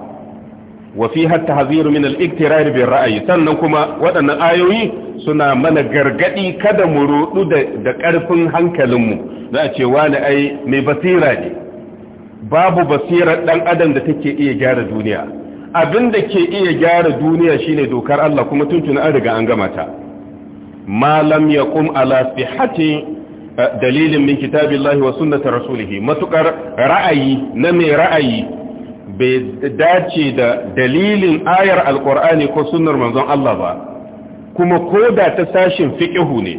wa fi hatta haziru min al-iktirar bi ra'ayi sannan kuma waɗannan ayoyi suna mana gargadi kada mu rudu da ƙarfin hankalinmu za a ce wani ai mai basira ne babu basirar dan adam da take iya gyara duniya abin da ke iya gyara duniya shine dokar Allah kuma tuntuna an riga an gama ta malam yaqum ala sihhati eh, dalilin min kitabillahi wa sunnati rasulih matukar ra'ayi na mai ra'ayi bai dace da dalilin ayar alqur'ani ko sunnar manzon Allah ba kuma koda ta sashin fiqhu ne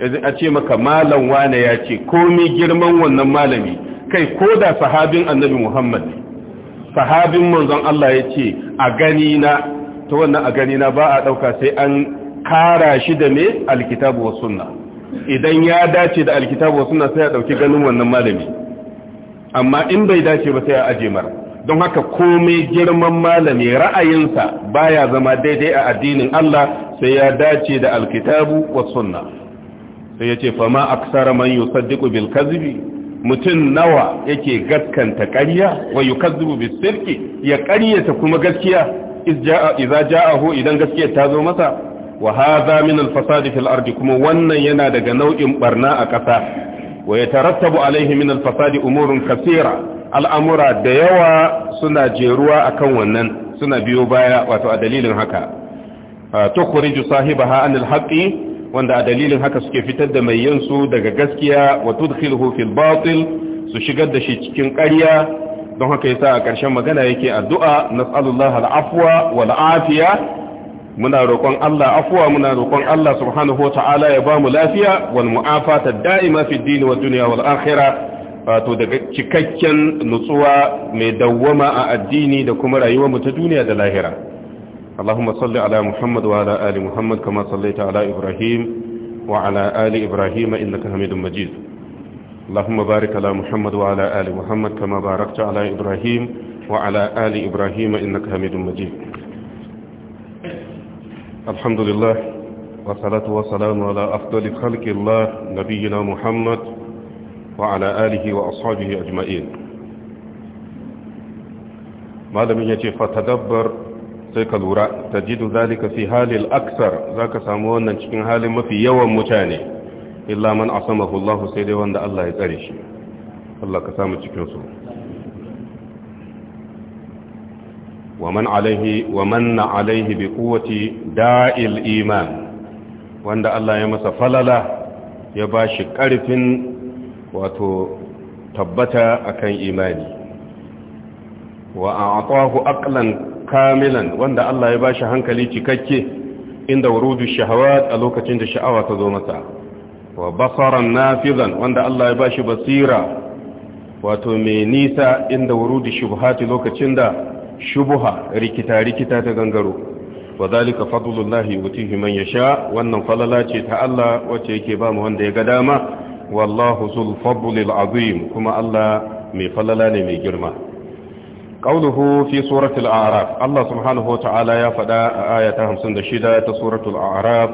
a ce maka malam wane ya ce komi girman wannan malami kai ko da sahabin annabi muhammad sahabin manzon Allah ya ce a gani na ta wannan a gani na ba a ɗauka sai an kara shi da me alkitabu wa suna idan ya dace da alkitabu wa suna sai a ɗauki ganin wannan malami amma in bai dace ba sai a aje mara don haka komai girman malami ra'ayinsa baya zama daidai a addinin Allah sai ya dace da alkitabu wa sunna sai ya ce fama aksara man yusaddiqu bil mutum nawa yake gaskanta ƙarya wa yukazzibu bis sirki ya ƙaryata kuma gaskiya idza aho idan gaskiya ta zo masa wa hadha min al fil ardi kuma wannan yana daga nau'in barna a ƙasa wa yatarattabu alaihi min al fasad umurun kaseera al'amura da yawa suna jeruwa akan wannan suna biyo baya wato a dalilin haka tukhriju sahibaha anil haqqi wanda a dalilin haka suke fitar da mai yansu daga gaskiya wa tudkhilhu fil batil su shigar da shi cikin ƙarya don haka yasa a ƙarshen magana yake addu'a na al al'afuwa wa la'afiya muna roƙon Allah afuwa muna roƙon Allah subhanahu ta'ala ya bamu lafiya wal ta da'ima fi dini wa dunya wal wato daga cikakken nutsuwa mai dawwama a addini da kuma rayuwar mu ta duniya da lahira اللهم صل على محمد وعلى آل محمد كما صليت على إبراهيم وعلى آل إبراهيم إنك حميد مجيد اللهم بارك على محمد وعلى آل محمد كما باركت على إبراهيم وعلى آل إبراهيم إنك حميد مجيد الحمد لله والصلاة والسلام على أفضل خلق الله نبينا محمد وعلى آله وأصحابه أجمعين ما لم يجي فتدبر sai ka lura tajidu zalika fi halil aksar zaka samu wannan cikin halin mafi yawan mutane illa man sama Allah sai dai wanda Allah ya tsare shi Allah ka samu cikinsu wa man manna alaihi bi kowace da'il iman wanda Allah ya masa falala ya bashi karfin wato tabbata akan imani wa a'tahu aqlan kamilan wanda Allah ya bashi hankali cikakke inda wurudu shahawat a lokacin da sha'awa ta zo masa wa basaran nafizan wanda Allah ya bashi basira wato mai nisa inda wurudu shubhati lokacin da shubha rikita rikita ta gangaro wa zalika fadlullahi yutihi man yasha wannan falala ce ta Allah wacce yake ba mu wanda ya ga dama wallahu zul fadlil azim kuma Allah mai falala ne mai girma قوله في سورة الأعراف الله سبحانه وتعالى يفدى آية 56 سورة الأعراف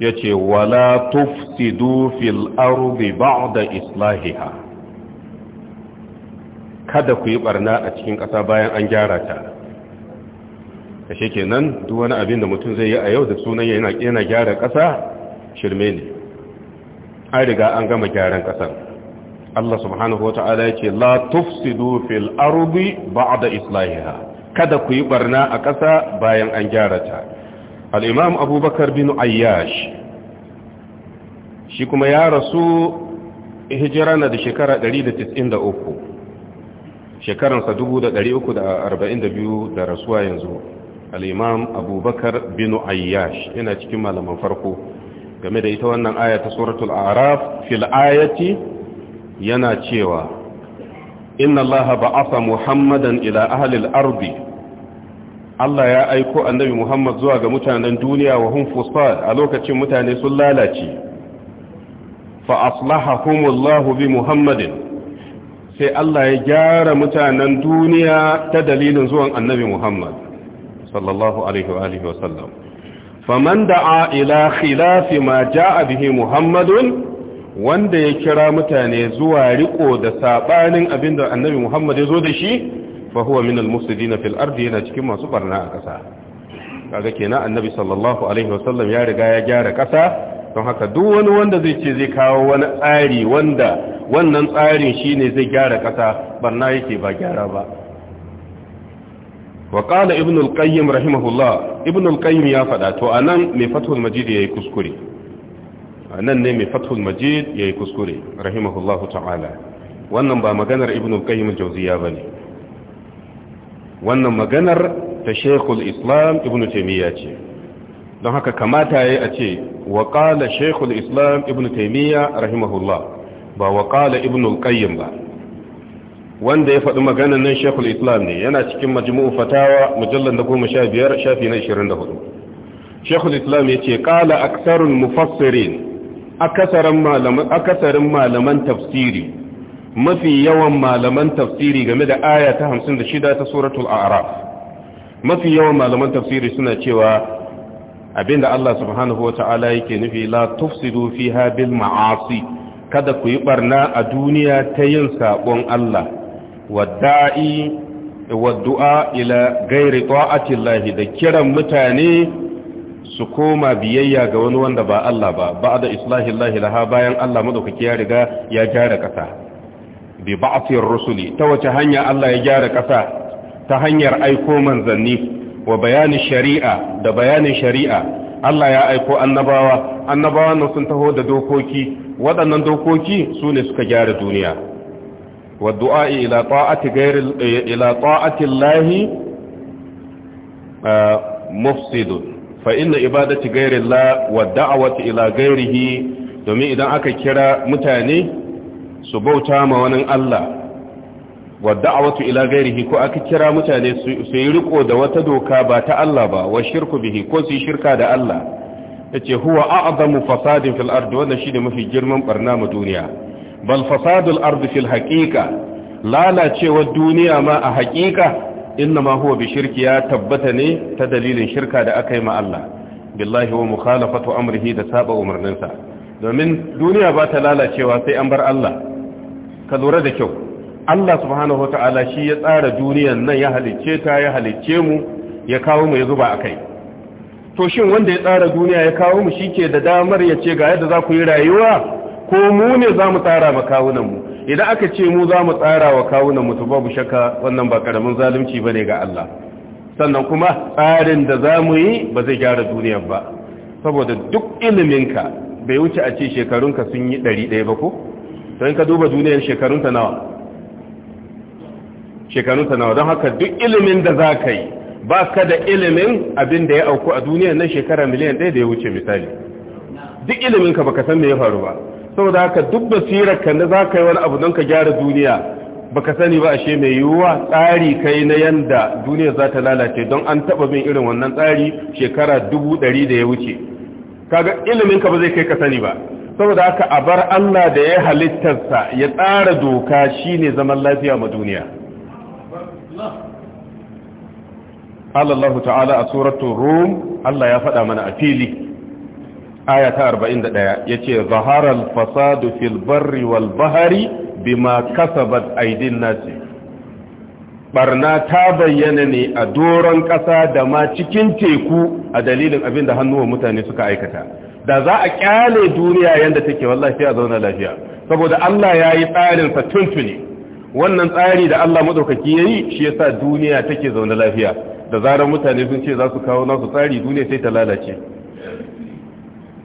يتي ولا تفسدوا في الأرض بعد إصلاحها kada ku yi barna a cikin ƙasa bayan an gyara ta a shi kenan duk wani abin da mutum zai yi a yau da sunan yana gyara ƙasa shirme ne an riga an gama gyaran ƙasar Allah subhanahu wa ta'ala ya ce la tufsidu fil ardi ba'da islahiha kada ku yi barna a ƙasa bayan an gyara ta al-imam abubakar bin ayyash shi kuma ya rasu hijira na da shekara 193 sa 342 da rasuwa yanzu al-imam abubakar bin ayyash yana cikin malaman farko game da ita wannan aya ta suratul araf fil ayati yana cewa inna allaha ba'atha muhammadan ila ahlil ardi Allah ya aiko annabi Muhammad zuwa ga mutanen duniya wa hum fusad a lokacin mutane sun lalace fa aslahahumullahu bi muhammadin sai Allah ya gyara mutanen duniya ta dalilin zuwan annabi Muhammad sallallahu alaihi wa alihi wa sallam faman da'a ila khilafi ma ja'a bihi muhammadun wanda ya kira mutane zuwa riko da sabanin abinda annabi Muhammad ya zo da shi fa huwa minal mufsidina fil ardi yana cikin masu barna a ƙasa kaga kenan annabi sallallahu alaihi wasallam ya riga ya gyara ƙasa don haka duk wani wanda zai ce zai kawo wani tsari wanda wannan tsarin shine zai gyara ƙasa barna yake ba gyara ba wa qala ibn al-qayyim rahimahullah ibn al-qayyim ya faɗa to anan mai fathul majid yayi kuskure nan ne mai fathul majid ya yi kuskure rahimahullahu ta'ala wannan ba maganar ibn al-qayyim al-jawziya bane wannan maganar ta shaykhul islam ibn taymiya ce don haka kamata yayi a ce wa qala shaykhul islam ibn taymiya rahimahullah ba wa qala ibn al-qayyim ba wanda ya faɗi maganar nan shaykhul islam ne yana cikin majmu'u fatawa mujallal na 15 shafi na 24 shaykhul islam yace qala aktharul mufassirin akasarin malaman tafsiri mafi yawan malaman tafsiri game da aya ta 56 ta suratul a'raf mafi yawan malaman tafsiri suna cewa abinda Allah subhanahu wata'ala yake nufi la tufsidu fiha bil ma'asi kada ku yi barna a duniya ta yin sabon Allah wadda'i waddu'a ila gairi ta'ati da kiran mutane su koma biyayya ga wani wanda ba Allah ba ba da islahi Allah laha bayan Allah madaukaki ya riga ya gyara ƙasa bi ba'atir rusuli ta wace hanya Allah ya gyara ƙasa ta hanyar aiko manzanni wa bayanin shari'a da bayanin shari'a Allah ya aiko annabawa annabawa nan sun taho da dokoki waɗannan dokoki su ne suka gyara duniya wa du'a ila ta'ati ghairi eh, ila ta'ati Allah eh, mufsidun fa inna ibadati ghairillah wa da'awati ila gairihi domin idan aka kira mutane su bauta ma wani Allah wa da'awatu ila gairihi ko aka kira mutane su yi riko da wata doka ba ta Allah ba wa shirku bihi ko su yi shirka da Allah yace huwa a'zamu fasadin fil ardi wannan shine mafi girman barna mu duniya bal fasadul ardi fil haqiqa lalacewar duniya ma a haqiqa inna ma huwa bi ya tabbata ne ta dalilin shirka da aka yi ma Allah billahi wa mukhalafatu amrihi da saba umarninsa domin duniya ba ta lalacewa sai an bar Allah ka lura da kyau Allah subhanahu wata'ala shi ya tsara duniyan nan ya halicce ta ya halicce mu ya kawo mu ya zuba a kai to shin wanda ya tsara duniya ya kawo mu shike da damar ya ce ga yadda za ku yi rayuwa ko mu ne za mu tsara makawunan mu idan aka ce mu za mu tsara wa kawunan mutu babu shaka wannan ba karamin zalunci ba ne ga Allah sannan kuma tsarin da za mu yi ba zai gyara duniyar ba saboda duk iliminka bai wuce a ce shekarunka sun yi ɗari ɗaya ba ko don ka duba duniyar shekarunta nawa shekarunta nawa don haka duk ilimin da za ka yi ba ka da ilimin abin da ya auku a duniyar nan shekara miliyan ɗaya da ya wuce misali duk iliminka ba ka san me ya faru ba saboda haka duk basirar ka na za ka yi wani abu don ka gyara duniya ba ka sani ba ashe mai yiwuwa tsari kai na yanda duniya za ta lalace don an taba bin irin wannan tsari shekara dubu ɗari da ya wuce kaga ilimin ka ba zai kai ka sani ba saboda haka a bar Allah da ya halittarsa ya tsara doka shi ne zaman lafiya ma duniya Allah ta'ala a suratun rom Allah ya faɗa mana a fili aya ta 41 yace zaharar fasadu fil barri wal bahari bima kasabat aidin nasi barna ta bayyana ne a doron ƙasa da ma cikin teku a dalilin abin da hannuwan mutane suka aikata da za a kyale duniya yadda take wallahi a zauna lafiya saboda Allah ya yi tsarinsa tuntuni wannan tsari da Allah maɗaukaki ya yi shi yasa duniya take zaune lafiya da zarar mutane sun ce za su kawo nasu tsari duniya sai ta lalace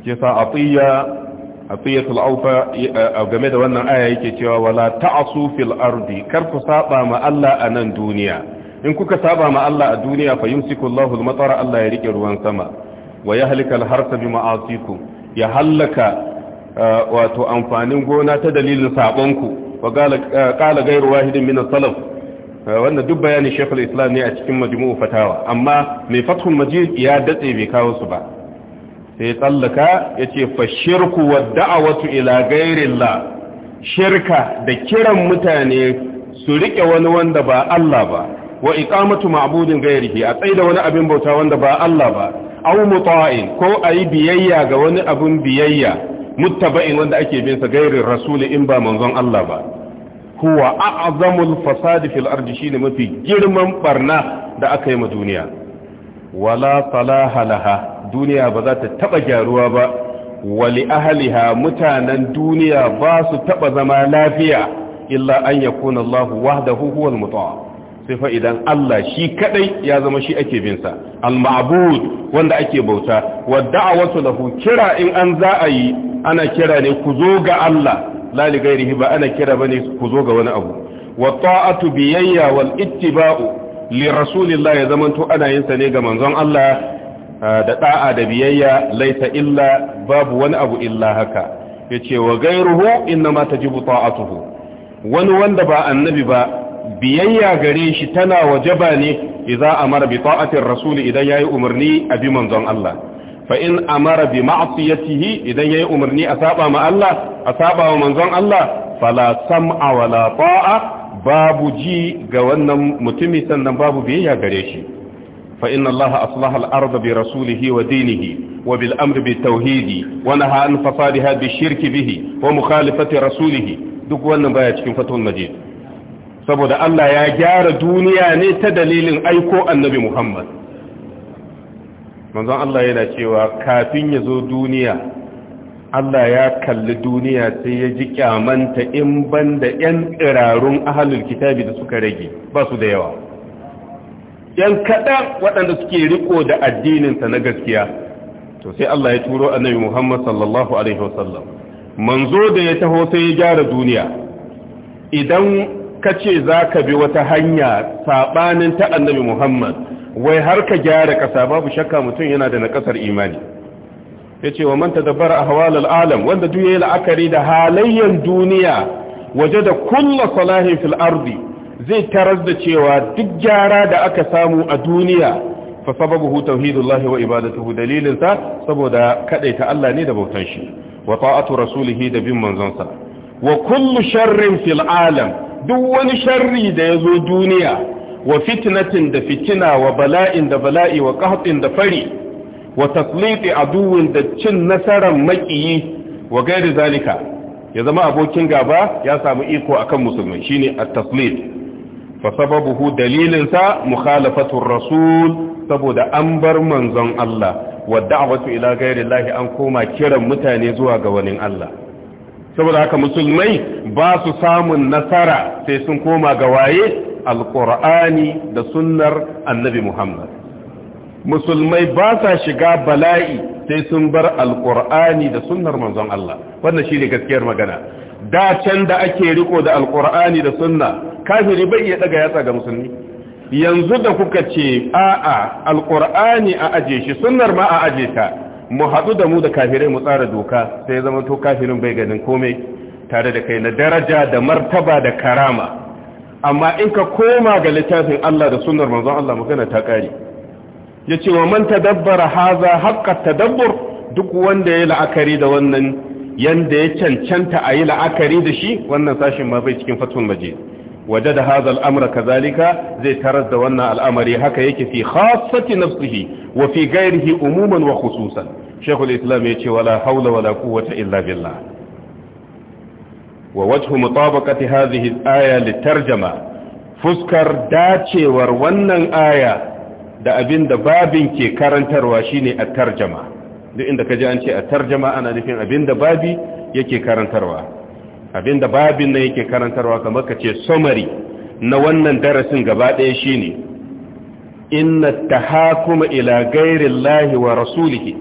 tsiya eh, eh, a tsiya atiyatul aufa game da wannan aya yake cewa wala ta'asu fil ardi kar ku saba ma Allah a nan duniya in kuka saba ma Allah a duniya fa yumsiku Allahul matara Allah ya rike ruwan sama wa yahlikal harsa bi ma'asikum ya halaka eh, wato amfanin gona ta dalilin ku wa qala ghayru wahidin min as-salaf wannan duk bayanin shekul islam ne a cikin majmu'u fatawa amma mai fathul majid ya datse bai kawo su ba sai tsallaka ya ce fashirku wa da'awatu ila gairillah shirka da kiran mutane su riƙe wani wanda ba Allah ba wa iqamatu ma'budin gairihi a tsaida wani abin bauta wanda ba Allah ba aw muta'in ko ayi biyayya ga wani abin biyayya muttaba'in wanda ake bin sa gairin rasuli in ba manzon Allah ba huwa a'zamul fasadi fil ardi shine mafi girman barna da aka yi ma duniya wala salaha duniya ba za ta taba gyaruwa ba wali ahliha mutanen duniya ba su taba zama lafiya illa an yakuna Allah wahdahu huwal mutaa sai idan Allah shi kadai ya zama shi ake bin sa al-ma'bud wanda ake bauta wa da'awatu lahu kira in an za a yi ana kira ne ku zo ga Allah la li ghairihi ba ana kira bane ku zo ga wani abu wa ta'atu biyayya wal ittiba'u li rasulillah ya zamanto ana yin sa ne ga manzon Allah da da'a da biyayya laita illa babu wani abu illa haka yace wa ghayruhu inma tajibu ta'atuhu wani wanda ba annabi ba biyayya gare shi tana wajaba ne idza amara bi ta'atir rasul idan yayi umarni a bi manzon Allah fa in amara bi ma'siyatihi idan yayi umarni a saba ma Allah a saba wa manzon Allah fala sam'a wala ta'a babu ji ga wannan mutumi sannan babu biyayya gare shi fa inna Allah aslaha al-ardh bi rasulihi wa dinihi wa bil amri bi tauhidi wa naha an fasadaha bi shirki bihi wa mukhalafati rasulihi duk wannan baya cikin fatul majid saboda Allah ya gyara duniya ne ta dalilin aiko annabi Muhammad manzon Allah yana cewa kafin ya zo duniya Allah ya kalli duniya sai ya ji kyamanta in banda yan ƙirarun ahalin kitabi da suka rage ba su da yawa yan kaɗan waɗanda suke riko da addininsa na gaskiya to sai Allah ya turo annabi Muhammad sallallahu alaihi wasallam manzo da ya taho sai ya gyara duniya idan ka ce za ka bi wata hanya saɓanin ta annabi Muhammad wai har ka gyara ƙasa babu shakka mutum yana da naƙasar imani yace wa man tadabbara ahwal al-alam wanda duk yayi la'akari da halayyan duniya waje da kullu salahi fil ardi zai tarar da cewa duk gyara da aka samu a duniya fa sababuhu tauhidullahi wa ibadatuhu dalilin sa saboda kadaita Allah ne da bautan shi wa ta'atu rasulihi da bin manzon sa wa kullu sharrin fil alam duk wani sharri da yazo duniya wa fitnatin da fitina wa bala'in da bala'i wa qahtin da fari wa tasliti aduwin da cin nasarar makiyi wa gairi zalika ya zama abokin gaba ya samu iko akan musulmai shine at-taslit fa sababuhu dalilin sa mukhalafatu rasul saboda an bar manzon Allah wadda a da'watu ila gairi lahi an koma kiran mutane zuwa ga wani Allah saboda haka musulmai ba su samun nasara sai sun koma ga waye alqur'ani da sunnar annabi Muhammad musulmai ba sa shiga bala'i sai sun bar alkur'ani da sunnar manzon Allah wannan shine gaskiyar magana da can da ake riko da alkur'ani da sunna kafiri bai iya daga yatsa ga musulmi yanzu da kuka ce a'a alkur'ani a aje shi sunnar ma a aje ta mu haɗu da mu da kafirai mu tsara doka sai zama to kafirin bai ganin komai tare da kai na daraja da martaba da karama amma in ka koma ga littafin Allah da sunnar manzon Allah magana ta kare ya ce wa man tadabbara haza haƙƙa dabbar duk wanda ya la'akari da wannan yanda ya cancanta a yi la'akari da shi wannan sashin ma bai cikin fatul maje waje da haza al'amura kazalika zai tarar da wannan al'amari haka yake fi khasati nafsihi wa fi gairihi umuman wa khususan shekul islam ya ce wala haula wala quwwata illa billah wa wajhu mutabaqati hadhihi al-aya litarjama fuskar dacewar wannan aya da abin da babin ke karantarwa shine at-tarjama duk inda kaji an ce at-tarjama ana nufin abin da babi yake karantarwa abin da babin nan yake karantarwa kamar kace summary na wannan darasin gaba ɗaya shine inna tahakuma ila ghairi llahi wa rasulihi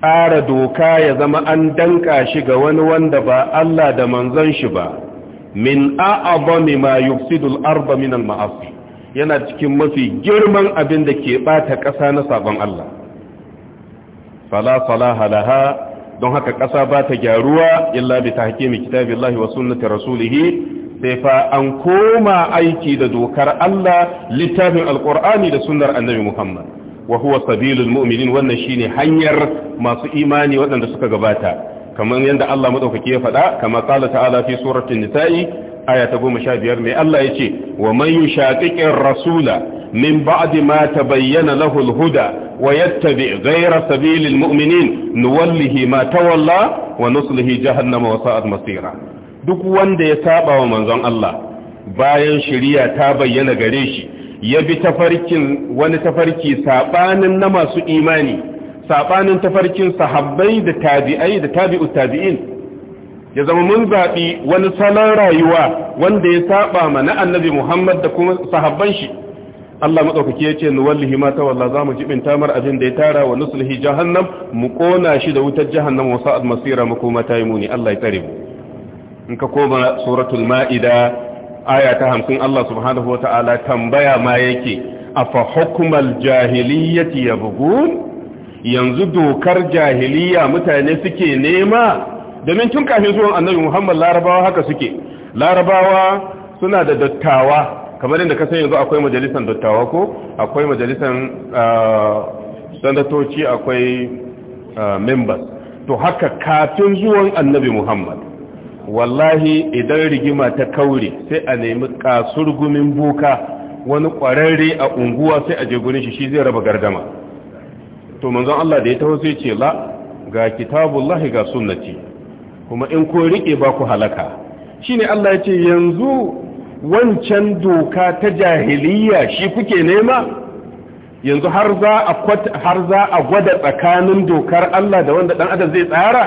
tsara doka ya zama an danka shi ga wani wanda ba Allah da manzon shi ba min a'azami ma yufsidul arba min al yana cikin mafi girman abin da ke bata ƙasa na sabon Allah fala salaha halaha, don haka ƙasa ba ta gyaruwa illa bi tahkimi kitabillahi wa sunnata rasulih sai fa an koma aiki da dokar Allah littafin alƙur'ani da sunnar annabi Muhammad wa huwa sabilul mu'minin wannan shine hanyar masu imani waɗanda suka gabata kamar yadda Allah maɗaukaki ya faɗa kama qala ta'ala fi suratul nisa'i aya ta goma sha biyar ne Allah ya ce wa man yushaqiqir rasula min ba'di ma tabayyana lahu al-huda wa yattabi ghayra sabilil mu'minin nuwallihi ma tawalla wa nuslihi jahannama wa sa'at masira duk wanda ya saba wa manzon Allah bayan shari'a ta bayyana gare shi ya bi tafarkin wani tafarki sabanin na masu imani sabanin tafarkin sahabbai da tabi'ai da tabi'ut tabi'in ya zama mun zaɓi wani salon rayuwa wanda ya saba ma na annabi Muhammad da kuma sahabban shi Allah madaukaki ya ce nuwallihi ma tawalla zamu jibin tamar abin da ya tara wa nuslihi jahannam mu kona shi da wutar jahannam wa sa'ad masira makoma ta yi muni Allah ya tsare mu in ka koma suratul ma'ida aya ta 50 Allah subhanahu wa ta'ala tambaya ma yake afa hukmal jahiliyyati yabghun yanzu dokar jahiliya mutane suke nema domin tun kafin zuwan annabi Muhammad larabawa haka suke larabawa suna da dattawa kamar yadda ka san yanzu akwai majalisan dattawa ko akwai majalisan ah, sanatoci akwai ah, members to haka kafin zuwan annabi Muhammad wallahi idan rigima ta kaure sai a nemi kasurgumin buka wani kwararre a unguwa sai a je gurin shi shi zai raba gardama to manzon Allah da ya taho sai ce la ga kitabullahi ga sunnati kuma in ko rike ba ku halaka shine Allah ya ce yanzu wancan doka ta jahiliya shi kuke nema yanzu har za a gwada tsakanin dokar Allah da wanda dan adam zai tsara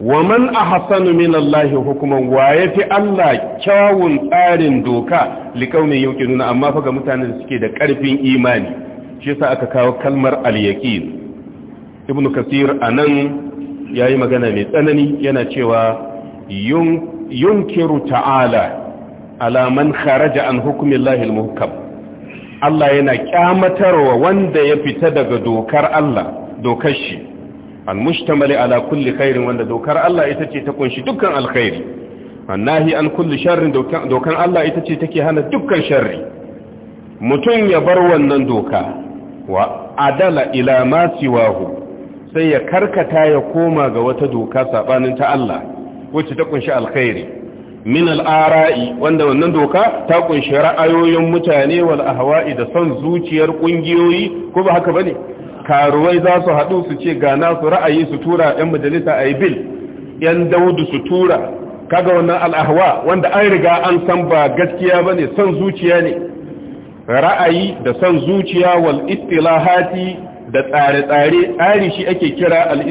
wa man ahsanu min Allah hukuman wa yafi Allah kyawun tsarin doka yauke nuna, amma fa ga mutanen da suke da karfin imani shi yasa aka kawo kalmar al-yaqin ibnu kasir anan ya yi magana mai tsanani yana cewa yunkiru ta'ala alaman kharaja an hukumin lahil muhkam Allah yana kyamatarwa wanda ya fita daga dokar Allah dokar shi an mushtamali ala kulli khairin wanda dokar Allah ita ce ta kunshi dukkan alkhairi annahi an kulli sharrin dokar Allah ita ce take hana dukkan sharri mutum ya bar wannan doka wa adala ila ma siwahu sai ya karkata ya koma ga wata doka sabanin ta Allah wacce ta kunshi alkhairi min ara'i wanda wannan doka ta kunshi ra'ayoyin mutane wal ahwa'i da son zuciyar kungiyoyi ko ba haka bane karuwai za su haɗu su ce ga nasu ra'ayi su tura yan majalisa ayi bil yan daudu su tura kaga wannan al'ahwa wanda an riga an san ba gaskiya bane son zuciya ne ra'ayi da son zuciya wal istilahati da tsare-tsare tsari shi ake kira al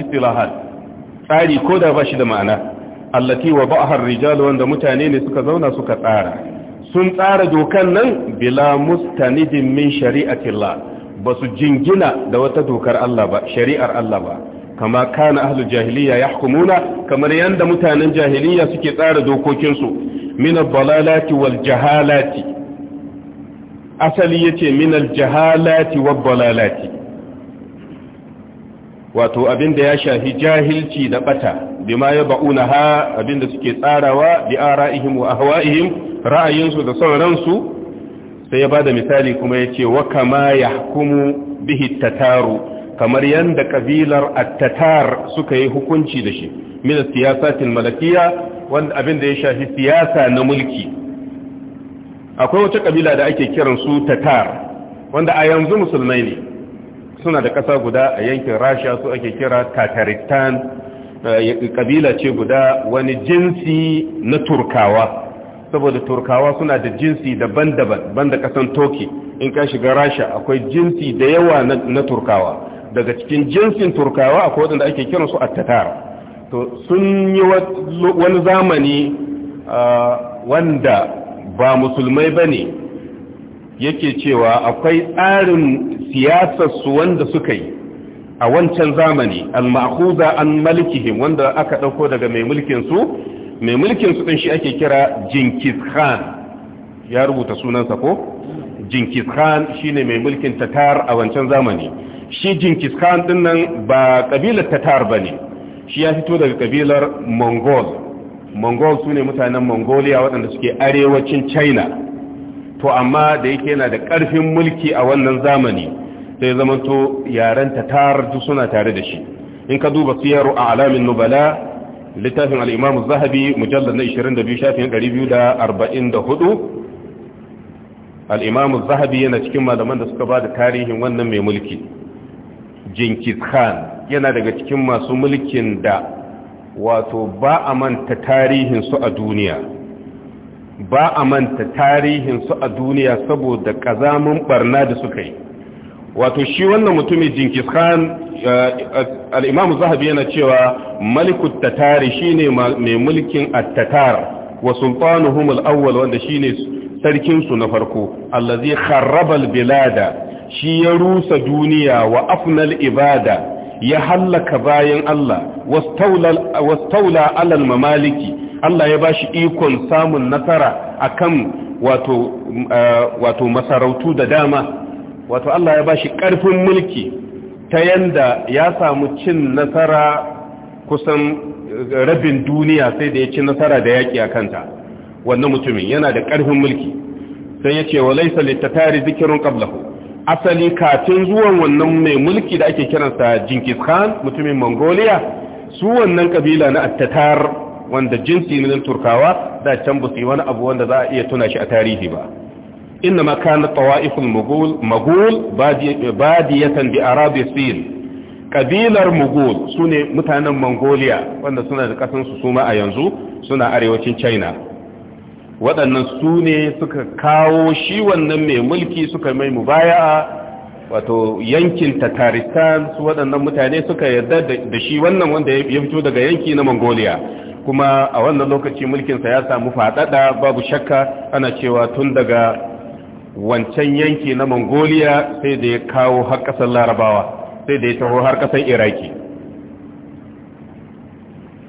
tsari ko da ba shi da ma'ana allati wa ba'har rijal wanda mutane ne suka zauna suka tsara sun tsara dokan nan bila mustanidin min shari'atillah ba su jingina da wata dokar Allah ba shari'ar Allah ba kama kana ahlul jahiliya yahkumuna kamar yadda mutanen jahiliya suke tsara dokokinsu min balalati wal jahalati asali yace minal jahalati wal balalati. wato abin da ya shafi jahilci da bata bima ya ba'una ha abin da suke tsarawa bi ara'ihim wa ahwa'ihim ra'ayinsu da son su. sai ya bada misali kuma yace wa kama yahkumu bihi tataru kamar yanda kabilar at-tatar suka yi hukunci da shi min siyasatil malakiyya wanda abin da ya shafi siyasa na mulki akwai wata kabila da ake kiransu su tatar wanda a yanzu musulmai ne suna da ƙasa guda a yankin rasha su ake kira tataristan kabila eh, ce guda wani jinsi na turkawa saboda turkawa suna da jinsi daban-daban banda ƙasan toki in ka shiga rasha akwai jinsi da yawa na turkawa daga cikin jinsin turkawa akwai wadanda ake kiransu a tatar to sun yi wani zamani eh, wanda ba musulmai ba ne yake cewa akwai tsarin siyasarsu wanda suka yi a wancan zamani al-ma'khudha an malikihim wanda aka dauko daga mai mulkin su mai mulkin su din shi ake kira Jinkis Khan ya rubuta sunansa ko Jinkis Khan shine mai mulkin Tatar a wancan zamani shi Jinkis Khan din nan ba kabilar Tatar bane shi ya fito daga kabilar Mongol Mongol sune mutanen Mongolia waɗanda suke arewacin China to amma da yake yana da ƙarfin mulki a wannan zamani sai zamanto yarenta tarju suna tare da shi in ka duba siyaru a alamin nubala littafin al'imam zahabi mujallar na 22 shafin 244 al'imam zahabi yana cikin malaman da suka ba da tarihin wannan mai mulki jinkis khan yana daga cikin masu mulkin da wato ba a manta tarihin su a duniya ba a manta tarihinsu a duniya saboda kazamin barna da suka yi wato shi wannan mutumin jinkis khan al'imamu zahabi yana cewa malikut tatari shine mai mulkin at wa sultanuhum awwal wanda shine ne Sarkinsu na farko allazi zai al-bilada shi ya rusa duniya wa afnal ibada ya hallaka bayan Allah wastaula alal mamaliki Allah ya ba shi ikon samun nasara a kan eh, wato masarautu da dama wato Allah ya ba shi ƙarfin mulki ta yanda ya samu cin nasara kusan eh, rabin duniya sai da ya ci nasara da yaƙi a kanta wannan mutumin yana da ƙarfin mulki sai ya ce wa laisa tari zikirin ƙablahu asali kafin zuwan wannan mai mulki da ake kiransa jinkis Khan mutumin Mongolia su wannan ƙabila na attatar wanda jinsi ne na turkawa da can ba su yi wani abu wanda za a iya tuna shi a tarihi ba inna ma kana tawa'iful mughul mughul badiyatan bi arabi kabilar mughul sune mutanen mongolia wanda suna da kasan su suma a yanzu suna arewacin china waɗannan sune suka kawo shi wannan mai mulki suka mai mubaya'a wato yankin tataristan su waɗannan mutane suka yarda da shi wannan wanda ya fito daga yanki na mongolia kuma a wannan lokaci mulkinsa ya samu faɗaɗa babu shakka ana cewa tun daga wancan yanki na mongolia sai da ya kawo har ƙasar larabawa sai da ya taho har ƙasar iraki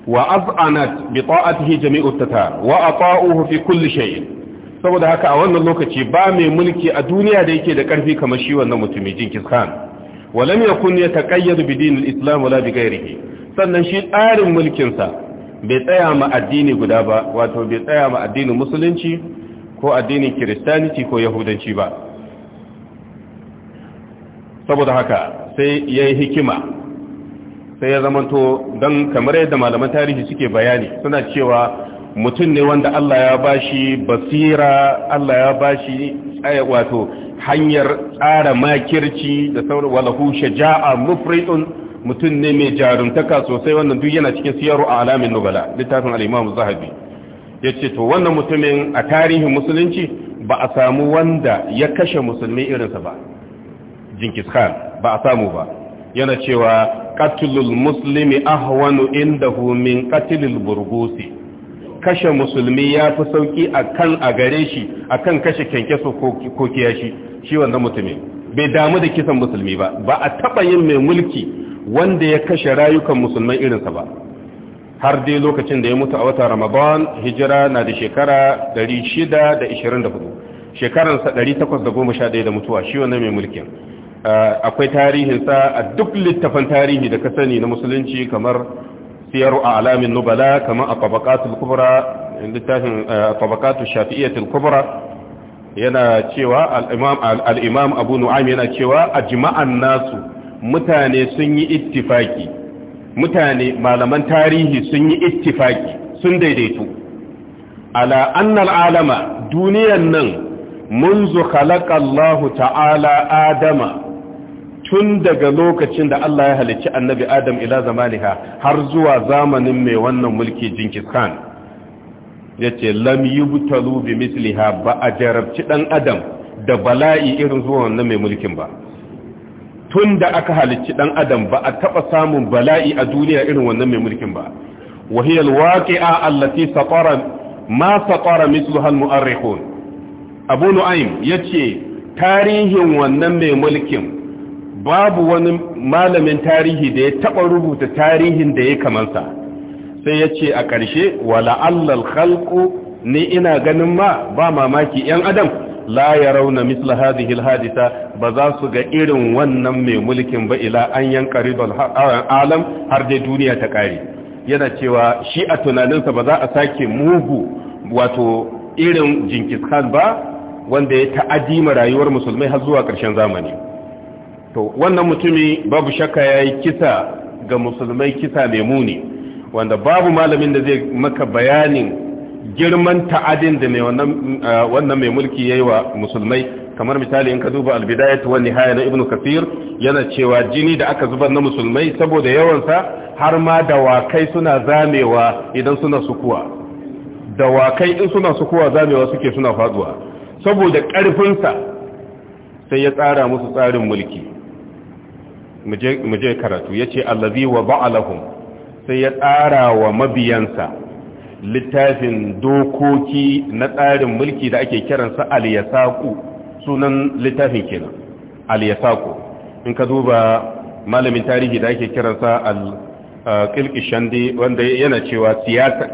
wa az'anat bi ta'atihi jami'ut tatar wa ata'uhu fi kulli shay'in saboda haka a wannan lokaci ba mai mulki a duniya da yake da ƙarfi kamar shi wannan mutumin jinkis khan walam yakun yataqayyadu bi dinil islam wala bi ghairihi sannan shi tsarin mulkinsa bai tsaya ma addini guda ba wato bai tsaya ma addinin musulunci ko addinin kiristaniti ko yahudanci ba saboda haka sai yayi hikima sai ya zamanto dan kamar yadda malaman tarihi suke bayani suna cewa mutum ne wanda Allah ya bashi basira Allah ya bashi eh, wato hanyar tsara makirci da sauran walahu shaja'a mufridun mutum ne mai jarumtaka sosai wannan duk yana cikin siyaru a alamin nubala littafin al-Imam Zahabi yace to wannan mutumin a tarihin musulunci ba a samu wanda ya kashe musulmi irinsa ba Jinkis Khan ba a samu ba yana cewa qatlul muslimi ahwanu indahu min qatlil burgusi kashe musulmi ya fi sauki a kan a gare shi a kan kashe kyankyaso ko kiyashi shi wannan mutumin bai damu da kisan musulmi ba ba a taɓa yin mai mulki wanda ya kashe rayukan musulman irinsa ba har dai lokacin da ya mutu a wata ramadan hijira na da shekara 624 shekaransa 811 da mutuwa shi wannan mai mulkin uh, akwai tarihinsa a duk littafan tarihi da ka sani na musulunci kamar Yar a alamin nubala kama a tabakatu shafi'iyyatul kubra yana cewa al’imam abu nu'am yana cewa a jima'an nasu mutane sun yi ittifaki mutane malaman tarihi sun yi ittifaki sun daidaitu ala annal alama duniyan nan mun خلق الله تعالى آدم tun daga lokacin da Allah ya halicci annabi Adam ila zamaniha har zuwa zamanin mai wannan mulki Jinkis Khan yace lam yubtalu bi misliha ba a jarabci dan adam da bala'i irin zuwa wannan mai mulkin ba tun da aka halicci dan adam ba a taba samun bala'i a duniya irin wannan mai mulkin ba Wahiyar hiya alwaqi'a allati satara ma satara mithluha almu'arrikhun abu yace tarihin wannan mai mulkin babu wani malamin tarihi da ya taba rubuta tarihin da ya kamansa sai ya ce a ƙarshe wala allal khalqu ni ina ganin ma ba mamaki yan adam la yarawna misla hadhihi alhadisa ba za su ga irin wannan mai mulkin ba ila an yanqaridul alam har dai duniya ta kare yana cewa shi a tunaninsa ba za a sake mugu wato irin jinkis khan ba wanda ya ta'adima rayuwar musulmai har zuwa ƙarshen zamani to wannan mutumi babu shakka ya yi kisa ga musulmai kisa mai muni wanda babu malamin da zai maka bayanin girman ta'adin da mai wannan mai mulki ya yi wa musulmai kamar misali in ka duba albidayat wani haya na ibnu kafir yana cewa jini da aka zubar na musulmai saboda yawansa har ma dawakai suna zamewa idan suna sukuwa dawakai in suna sukuwa zamewa suke suna faduwa saboda ƙarfinsa sai ya tsara musu tsarin mulki mu je karatu ya ce allazi wa ba'alahum sai ya tsara wa mabiyansa littafin dokoki na tsarin mulki da ake kiransa aliyasaku sunan littafin kenan aliyasaku in ka duba malamin tarihi da ake kiransa al-kilkishandi uh, wanda yana cewa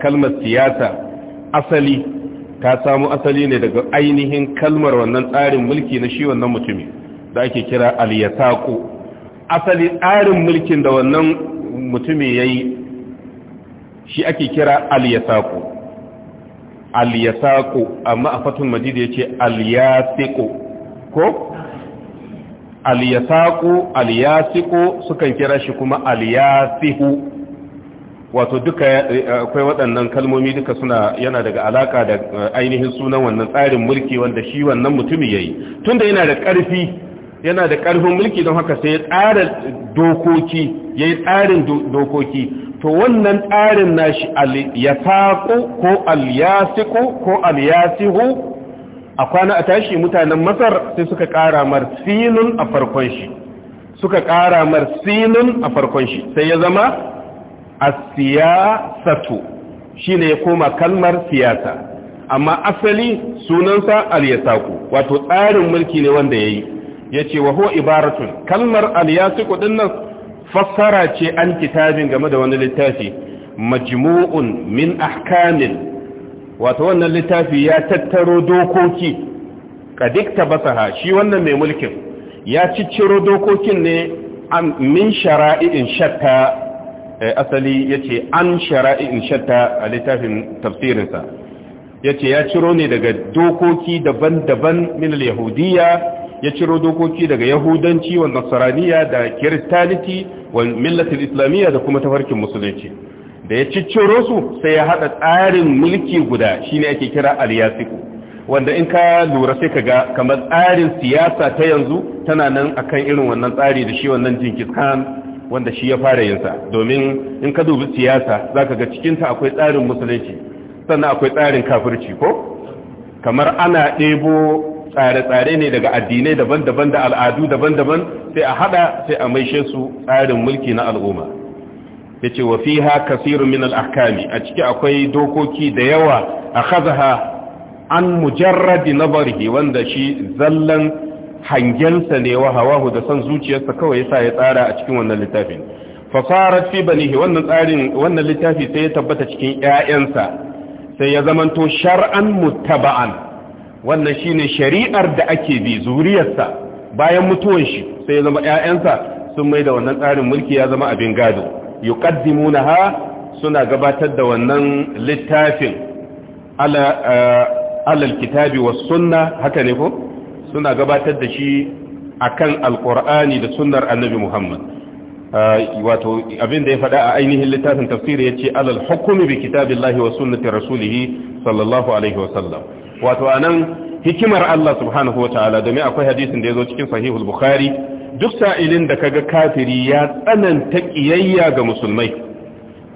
kalmar siyasa asali ta samu asali ne daga ainihin kalmar wannan tsarin mulki na shi wannan mutumin da ake kira aliyasaku asali tsarin mulkin da wannan mutumin ya yi shi ake kira al-yasaku amma a fatun majid ya ce al ko al-yasaku sukan kira shi kuma al wato duka akwai waɗannan kalmomi duka suna yana daga alaka da eh, ainihin sunan wannan tsarin mulki wanda shi wannan mutumin yayi tunda yana da ƙarfi yana da ƙarfin mulki don haka sai ya tsara dokoki ya yi tsarin dokoki to wannan tsarin nashi al-yasaqu ko al ko al a kwana a tashi mutanen masar sai suka ƙara marsinin a farkon shi suka ƙara marsinin a farkon shi sai ya zama siyasatu, shi ne ya koma kalmar siyasa amma asali sunansa al wato tsarin mulki ne wanda ya yi yace wa huwa ibaratun kalmar al-yasiqu dinnan fassara ce an kitabin game da wani littafi majmu'un min ahkamin wato wannan littafi ya tattaro dokoki kadikta basaha shi wannan mai mulkin ya cicciro dokokin ne min shara'i'in shatta eh, asali yace an shara'i'in shatta a littafin tafsirinsa yace ya ciro ne daga dokoki daban-daban min al-yahudiyya ya ciro dokoki daga yahudanci wa nasaraniya da kiristaniti wa millatul islamiyya da kuma tafarkin musulunci da ya cicciro su sai ya haɗa tsarin mulki guda shine ake kira al-yasiku wanda in ka lura sai ka ga kamar tsarin siyasa ta yanzu tana nan akan irin wannan tsari da shi wannan Genghis wanda shi ya fara yinsa domin in ka dubi siyasa zaka ga cikinta akwai tsarin musulunci sannan akwai tsarin kafirci ko kamar ana ɗebo tsare-tsare ne daga addinai daban-daban da al'adu daban-daban sai a hada sai a maishe su tsarin mulki na al'umma ya ce wa fiha kasirun min al'akami a ciki akwai dokoki da yawa a kazaha an na barhi wanda shi zallan hangensa ne wa hawahu da son zuciyarsa kawai yasa ya tsara a cikin wannan littafin fasarat fi banihi wannan tsarin wannan littafi sai ya tabbata cikin 'ya'yansa sai ya zamanto shar'an muttaba'an wannan shine shari'ar da ake bi zuriyarsa bayan mutuwan shi sai ya zama ƴaƴansa sun mai da wannan tsarin mulki ya zama abin gado yuqaddimunaha suna gabatar da wannan littafin ala eh, alal kitabi was sunna haka ne ko suna gabatar da shi akan alqur'ani da sunnar annabi muhammad eh, wato abin da ya faɗa a ainihin littafin tafsiri ya ce alal hukumi bi kitabillahi wa sunnati rasulihi sallallahu alaihi wa sallam wato anan hikimar Allah subhanahu wa ta'ala domin akwai hadisin da ya zo cikin sahihul bukhari duk sa'ilin da kaga kafiri ya tsananta kiyayya ga musulmai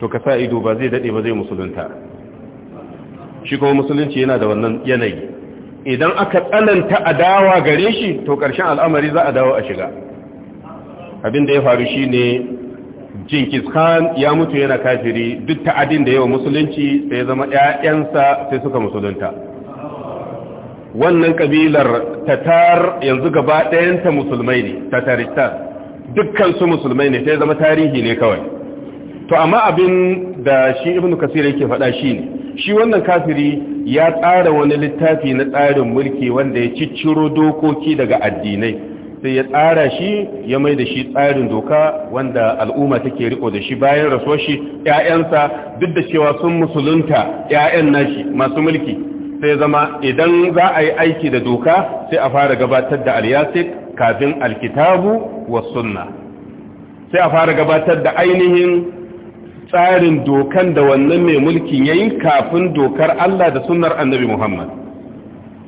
to ka sa ido ba zai dade ba zai musulunta shi kuma musulunci yana da wannan yanayi idan aka tsananta adawa gare shi to karshen al'amari za a dawo a shiga abin da ya faru shi ne Jinkis Khan ya mutu yana kafiri duk ta'adin da yawa musulunci sai zama ƴaƴansa sai suka musulunta wannan kabilar tatar yanzu gaba ɗayanta musulmai ne tataristan dukkansu musulmai ne sai zama tarihi ne kawai to amma abin da shi ibnu kasir yake faɗa shi ne shi wannan kafiri ya tsara wani littafi na tsarin mulki wanda ya cicciro dokoki daga addinai sai ya tsara shi ya mai da shi tsarin doka wanda al'umma take riko da shi bayan rasuwar shi 'ya'yansa duk da cewa sun musulunta 'ya'yan nashi masu mulki sai zama idan za a yi aiki da doka sai a fara gabatar da alyasik kafin alkitabu wa sunna sai a fara gabatar da ainihin tsarin dokan da wannan mai mulkin yayin kafin dokar Allah da sunnar annabi Muhammad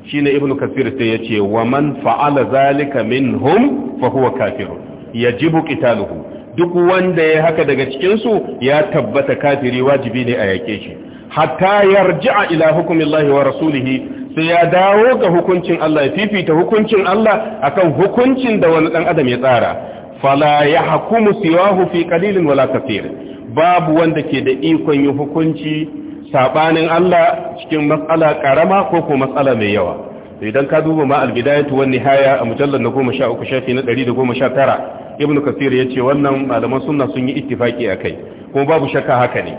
shine ibnu kasir sai yace wa man fa'ala zalika minhum fa huwa kafir yajibu qitaluhu duk wanda ya haka daga cikinsu ya tabbata kafiri wajibi ne a yake shi hatta yarji'a ila hukumillahi wa rasulihi sai ya dawo ga hukuncin Allah ya fifita hukuncin Allah akan hukuncin da wani dan adam ya tsara fala yahkumu siwahu fi qalilin wala kathir babu wanda ke da ikon yin hukunci sabanin Allah cikin matsala karama ko ko matsala mai yawa idan ka duba ma al-bidayatu wan nihaya a mujallal na 13 shafi na 119 ibnu kathir yace wannan malaman sunna sun yi ittifaki akai kuma babu shakka haka ne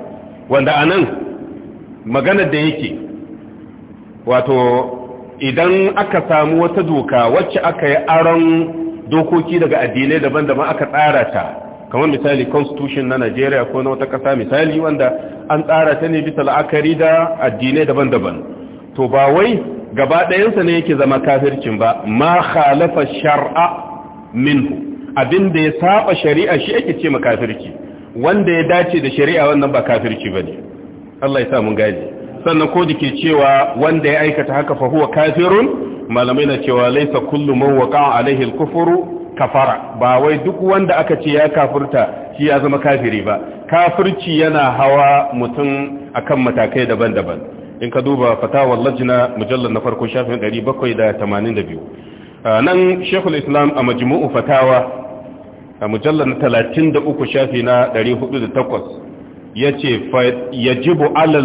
wanda anan maganar da yake wato idan aka samu wata doka wacce aka yi aron dokoki daga addinai daban-daban aka tsara ta kamar misali constitution na Najeriya ko na wata kasa misali wanda an tsara ta ne bisa la'akari da addinai daban-daban to ba wai gaba ɗayansa ne yake zama kafircin ba ma khalafa shar'a minhu abin da ya saba shari'a shi ake ce makafirki wanda ya dace da shari'a wannan ba kafirci bane Allah ya sa mun gane sannan ko ke cewa wanda ya aikata haka fa huwa kafirun malamai na cewa laisa kullu man waqa'a alaihi al-kufru kafara ba wai duk wanda aka ce ya kafirta shi ya zama kafiri ba kafirci yana hawa mutum akan matakai daban-daban in ka duba fatawar lajina mujallar na farko shafin 782 nan shekul islam a majmu'u fatawa a mujallar na 33 shafi na yace jibu alal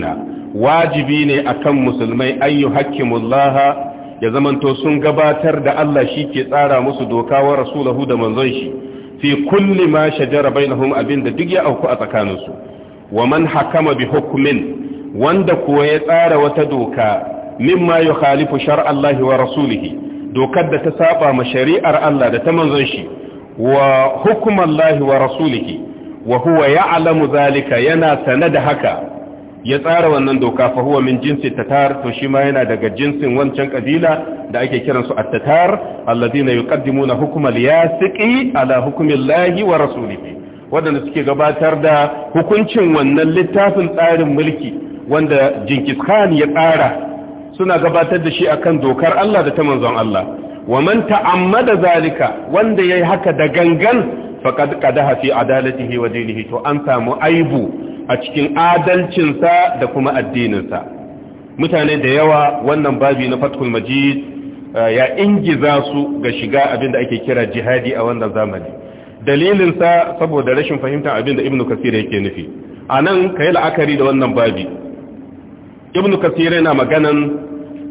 na wajibi ne akan musulmai ayyu hakimullaha ya zamanto sun gabatar da Allah shi ke tsara musu doka wa rasulahu da manzon shi fi kulli ma shajara bainahum abinda duk ya auku a tsakaninsu wa man hakama bi hukmin wanda kuwa ya tsara wata doka mimma yukhalifu shar'allahi wa rasulihi dokar da ta saba ma shari'ar Allah da ta manzon shi wa hukumallahi wa rasulihi wa huwa ya'lamu zalika yana sane da haka ya tsara wannan doka fa huwa min jinsi tatar to shi ma yana daga jinsin wancan kabila da ake kiran su at-tatar alladhina yuqaddimuna hukma al ala hukmi wa rasulihi wadanda suke gabatar da hukuncin wannan littafin tsarin mulki wanda Jinkis Khan ya tsara suna gabatar da shi akan dokar Allah da ta manzon Allah wa man ta'ammada zalika wanda yayi haka da gangan faqad qadaha fi adalatihi wa dinihi to an samu aibu a cikin adalcinsa da kuma addininsa mutane da yawa wannan babi na fathul majid eh, ya ingiza su ga shiga abin da ake kira jihadi a wannan zamani dalilinsa saboda rashin fahimtar abin da ibnu kasir yake nufi a nan ka la'akari da wannan babi ibn kasir yana maganan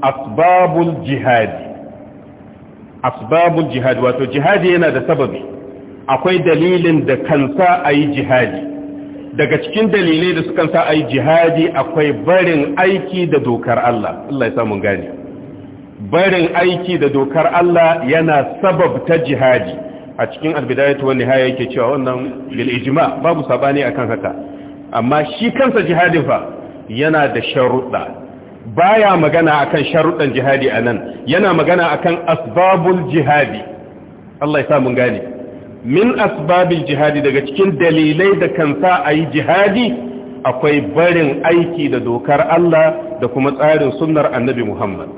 asbabul jihadi asbabul jihadi wato jihadi yana da sababi akwai dalilin da kansa a yi jihadi daga cikin dalilai da sukan sa a yi jihadi akwai barin aiki da dokar Allah Allah ya samun gane barin aiki da dokar Allah yana sababta jihadi a cikin albidayatu wani haya yake cewa wannan bil ijma babu sabani akan haka amma shi kansa jihadin fa yana da sharuɗa baya magana akan sharuɗan jihadi a nan, yana magana akan asbabul jihadi Allah ya samun gane min asbabin jihadi daga cikin dalilai da kan sa a yi jihadi akwai barin aiki da dokar Allah da kuma tsarin sunnar annabi Muhammad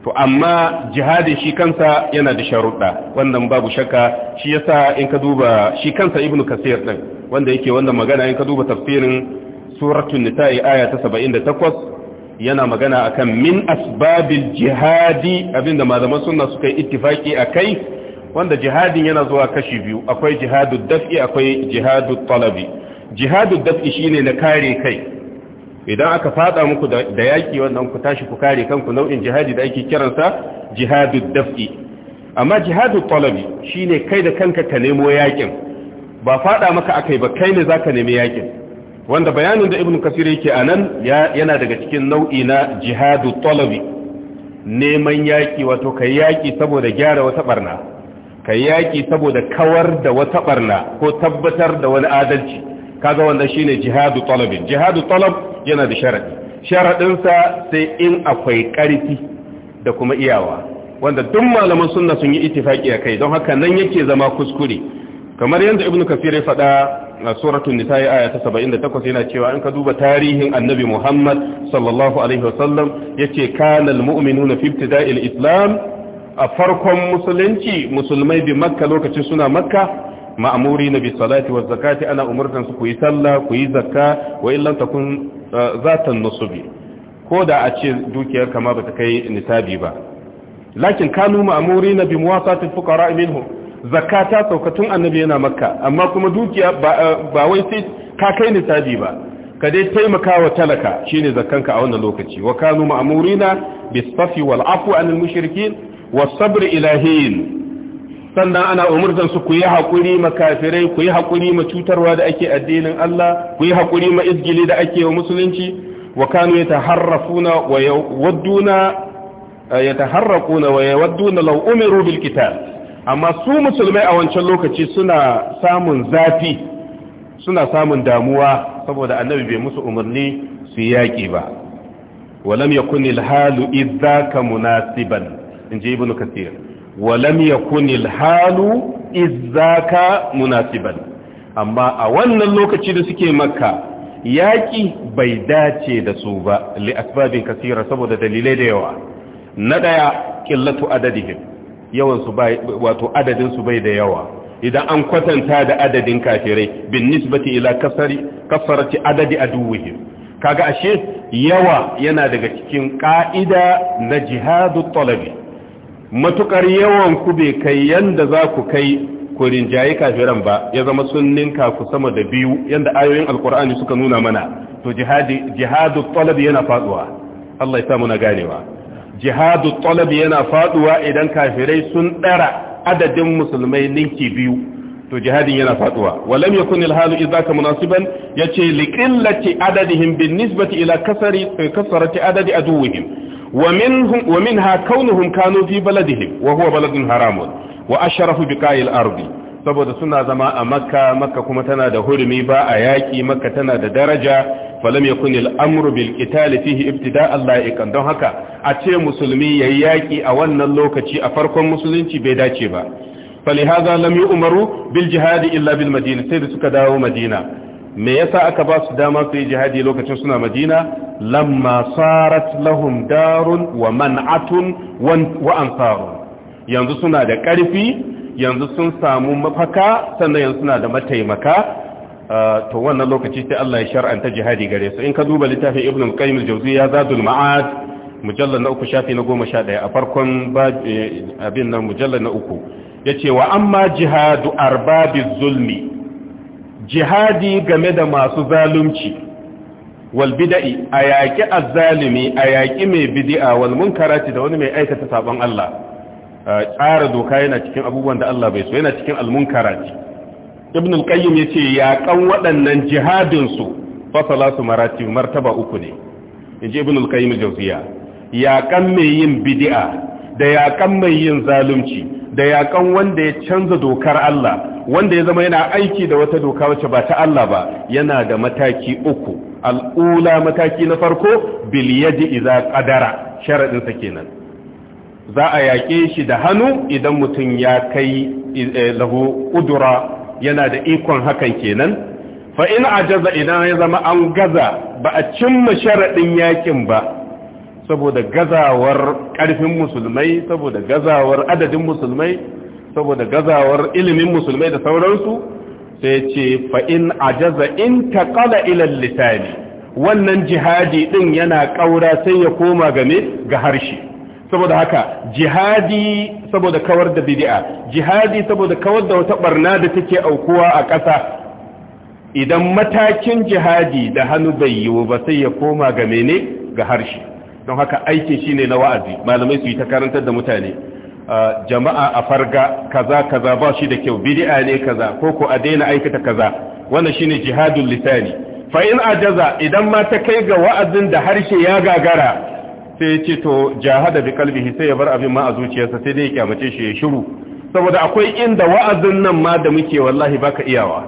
to amma jihadi shi kansa yana da sharuɗa wannan babu shakka shi yasa in ka duba shi kansa ibnu kasir ɗin wanda yake wannan magana in ka duba tafsirin suratun nisa'i aya ta 78 yana magana akan min asbabil jihadi abinda malaman sunna suka yi ittifaki kai. wanda jihadin yana zuwa kashi biyu akwai jihadu daf'i akwai jihadu talabi jihadu daf'i shine na kare kai idan aka fada muku da yaki wannan ku tashi ku kare kanku nau'in jihadi da ake kiransa jihadu daf'i amma jihadu talabi shine kai da kanka ka nemo yakin ba fada maka akai ba kai ne zaka nemi yakin wanda bayanin da ibnu kasir yake anan yana daga cikin nau'i na jihadu talabi neman yaki wato kai yaki saboda gyara wata barna ka yaƙi saboda kawar da wata ɓarna ko tabbatar da wani adalci kaga wannan shine jihadu talabin jihadu talab yana da sharadi sharadinsa sai in akwai ƙarfi da kuma iyawa wanda duk malaman sunna sun yi ittifaki a kai don haka nan yake zama kuskure kamar yadda ibnu kafir ya faɗa a suratun nisa aya ta 78 yana cewa in ka duba tarihin annabi muhammad sallallahu alaihi wasallam yace kana almu'minuna fi ibtida'il islam a farkon musulunci musulmai bi makka lokacin suna makka ma'amuri na bi wa zakati ana umurtan su ku yi sallah ku yi zakka wa illam takun uh, zatan nusubi ko da a ce dukiyar kama bata kai nisabi ba lakin kanu ma'amuri na bi muwasatil fuqara minhum zakka ta sauka tun annabi yana makka amma kuma dukiya uh, ba wai sai ka kai nisabi ba ka dai taimakawa talaka shine zakkanka a wannan lokaci wa kanu ma'amurina na safi wal afu anil mushrikin Wasabri ilahiyin, sannan ana umurtan su ku yi haƙuri ma kafirai ku yi haƙuri ma cutarwa da ake addinin Allah ku yi haƙuri ma izgili da ake wa musulunci wa kanu yataharrafuna wa yawadduna yataharraquna wa yawadduna law umiru bil amma su musulmai a wancan lokaci suna samun zafi suna samun damuwa saboda annabi bai musu umarni su yaƙi ba walam yakun al halu idza ka munasiban in ji ibn kasir walam yakun halu izzaka munasiban amma a wannan lokaci da suke makka yaki bai dace da su ba li asbabin kasira saboda dalilai da yawa na daya qillatu adadihim yawan su bai wato adadin su bai da yawa idan an kwatanta da adadin kafirai bin nisbati ila kasari kasarati adadi aduwihim kaga ashe yawa yana daga cikin ka'ida na jihadu talabi matukar yawan ku bai kai yanda za ku kai ku rinjaye kafiran ba ya zama sun ninka ku sama da biyu yanda ayoyin alkur'ani suka nuna mana to jihadi jihadu talab yana faduwa Allah ya sa muna ganewa jihadu talab yana faduwa idan kafirai sun dara adadin musulmai ninki biyu to jihadin yana faduwa walam yakun alhalu idza ka munasiban yace liqillati adadihim bin nisbati ila kasari kasarati adadi aduwihim wa ha kaunuhum kanu fi baladihim wa huwa baladun haramun wa asharafu biqa'il arbi saboda suna zama a makka makka kuma tana da hurumi ba a yaki makka tana da daraja falam yakun al-amru bil qital fihi ibtida'an la'iqan don haka a ce musulmi yayi yaki a wannan lokaci a farkon musulunci bai dace ba falihaza lam yu'maru bil jihad illa bil madina sai da suka dawo madina me yasa aka ba su dama su yi jihadi lokacin suna madina lamma sarat lahum darun wa man'atun wa ansarun yanzu suna da ƙarfi yanzu sun samu mafaka sannan yanzu suna da mataimaka ah, to wannan lokaci sai Allah ya shar'anta jihadi gare su in ka duba littafin Ibn al-Qayyim al-Jawziyya Zadul Ma'ad mujallal na uku shafi na 11 a farkon eh, abin nan mujallal na uku ya ce wa amma jihadu arbabiz zulmi jihadi game da masu zalunci wal bid'i a yaƙi azzalimi a yaƙi mai bid'a wal munkarati da wani mai aikata sabon Allah tsara doka yana cikin abubuwan da Allah bai so yana cikin al munkarati ibn al qayyim yace yaƙan waɗannan jihadin su fa salatu maratib martaba uku ne inji ibn al qayyim jawziya yaƙan mai yin bid'a da yaƙan mai yin zalunci da yaƙan wanda ya canza dokar Allah wanda ya zama yana aiki da wata doka wacce ba ta Allah ba yana da mataki uku al'ula mataki na farko bil yadi idza qadara kenan za a yaƙe shi da hannu idan mutum ya kai e, lahu udura yana da ikon hakan kenan fa in ajaza idan ya zama an gaza ba a cimma sharadin yakin ba saboda gazawar ƙarfin musulmai saboda gazawar adadin musulmai saboda gazawar ilimin musulmai da sauransu sai ce fa in ajaza in taqala ila lisani wannan jihadi ɗin yana ƙaura sai ya koma game ga harshe saboda haka jihadi saboda kawar da bid'a jihadi saboda kawar da wata barna da take aukuwa a ƙasa idan matakin jihadi da hannu bai yiwu ba sai ya koma game ne ga harshe don haka aikin shine na wa'azi malamai su yi ta karantar da mutane jama'a a farga kaza kaza ba shi da kyau bid'a ne kaza ko ko a daina aikata kaza wannan shine jihadul lisani fa in ajaza idan ma ta kai ga wa'azin da harshe ya gagara sai ya ce to jahada bi qalbihi sai ya bar abin ma a zuciyarsa sai dai ya kyamace shi ya shiru saboda akwai inda wa'azin nan ma da muke wallahi baka iyawa